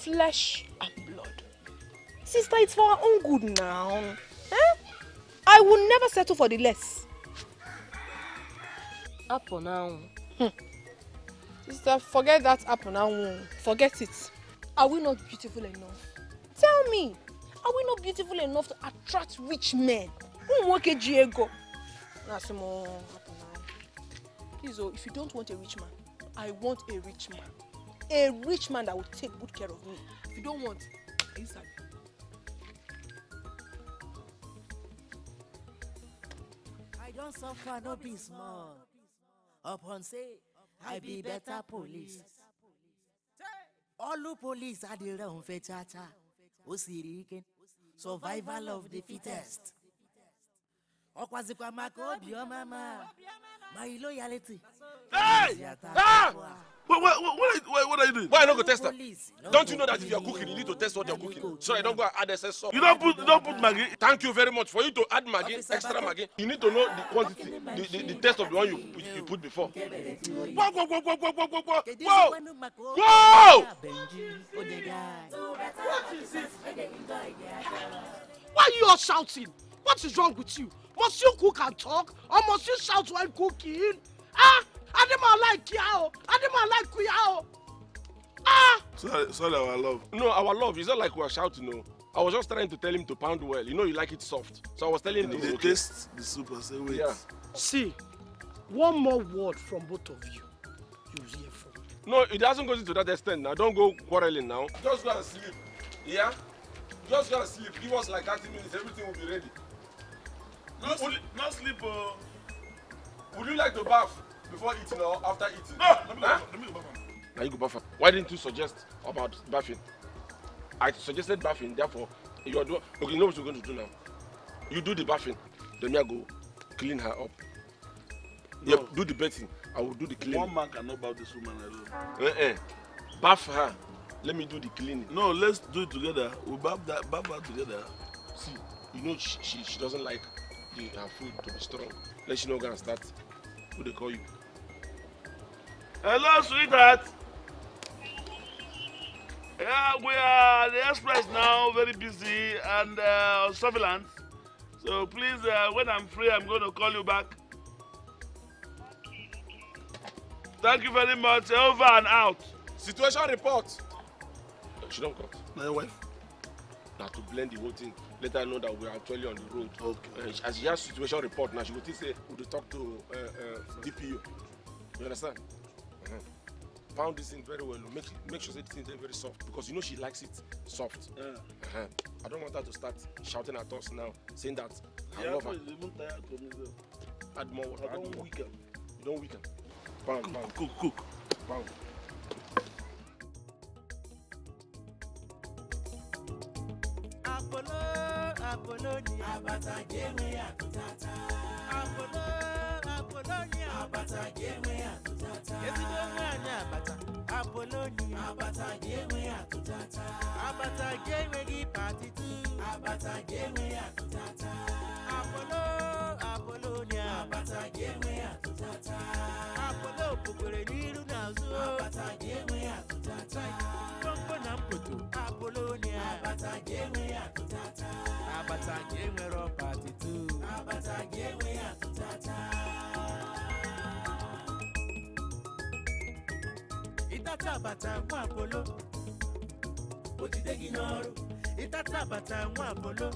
Flesh and blood. Sister, it's for our own good now. Eh? I will never settle for the less. Up for now. Hmm. Sister, forget that apple now. Forget it. Are we not beautiful enough? Tell me, are we not beautiful enough to attract rich men? Who won't get Diego? That's more apple now. Please, oh, if you don't want a rich man, I want a rich man. A rich man that will take good care of me. If you don't want, inside. I don suffer, no be small. Upon say. I be better police. All police are the round for chacha. Osiriken, survival of the fittest. Okwazikwa makobi o mama. My loyalty. Hey! Ah! What, what, what, what, what are you doing? Why I don't go test them? don't you know that if you are cooking, you need to test what you are cooking? So I don't go add excess salt. You don't put, you don't put Maggi. Thank you very much. For you to add Maggi, extra Maggi, you need to know the quantity, the, the, the taste of the one you, you put before. Whoa, whoa, whoa, whoa, whoa, whoa, whoa, whoa! Whoa! Oh, whoa! is Why are you all shouting? What is wrong with you? Must you cook and talk, or must you shout while cooking? Ah! Ademola Ikia o. Ademola Ikia o. Ah! Sorry, sorry, our love. No, our love. It's not like we are shouting, no. I was just trying to tell him to pound well. You know, you like it soft. So I was telling him. They okay. taste the soup and say, wait. Yeah. See, one more word from both of you. You hear from me. No, it hasn't gone to that extent now. Don't go quarreling now. Just go and sleep. Yeah? Just go and sleep. Give us like 30 minutes. Everything will be ready. No, would, no sleep, uh... Would you like to bath? Before eating or after eating? No, ah! let me go, huh? let me go back home. Now you go back home. Why didn't you suggest about bathing? I suggested bathing, therefore, you are doing. Okay, you know what you're going to do now? You do the bathing, then me I go clean her up. No. Yep, do the bathing. I will do the cleaning. One man cannot bath this woman alone. Eh, eh. Uh-uh. Bath her. Let me do the cleaning. No, let's do it together. We'll bath, that, bath her together. See, you know she, she, she doesn't like the, her food to be strong. Let she know guys start. Who they call you? Hello, sweetheart. Yeah, we are the express now, very busy and uh, surveillance. So please, uh, when I'm free, I'm going to call you back. Thank you very much. Over and out. Situation report. She don't cut. My wife. Now to blend the whole thing. Let her know that we are actually on the road. Okay. Uh, as she has situation report now, she will say, would you talk to uh, uh, DPU? You understand? pound this thing very well. Make make sure this thing is very soft because you know she likes it soft. Yeah. Uh-huh. I don't want her to start shouting at us now, saying that I yeah, love her. Even tired from add more water. I don't weaken. You don't weaken. Pound, cook, pound. Cook, cook. Pound. Apolo, Apolo ni. Abata jẹ́wé àkútàtà. Apolo. Apolonia abata ga-enwe ya atụtata abata ga-enwe ya atụtata abata ga-enweghị ga-enwe ya atụtata Apolo a, ga-enwe ya atụtata Apolo n'iru na abata ga-enwe ya atụtata na mpoto Apolonia abata ga-enwe ya atụtata abata ga-enwere ìtàtà bàtà àwọn àbólò. ó ti dégi n'ọrụ ịtata bàtà àwọn àbólò.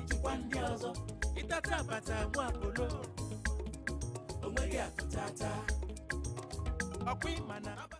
ịchịkwa ndị ọzọ ịtata bàtà àwọn àbólò. o nweghị atụ tata ọkwa ịma na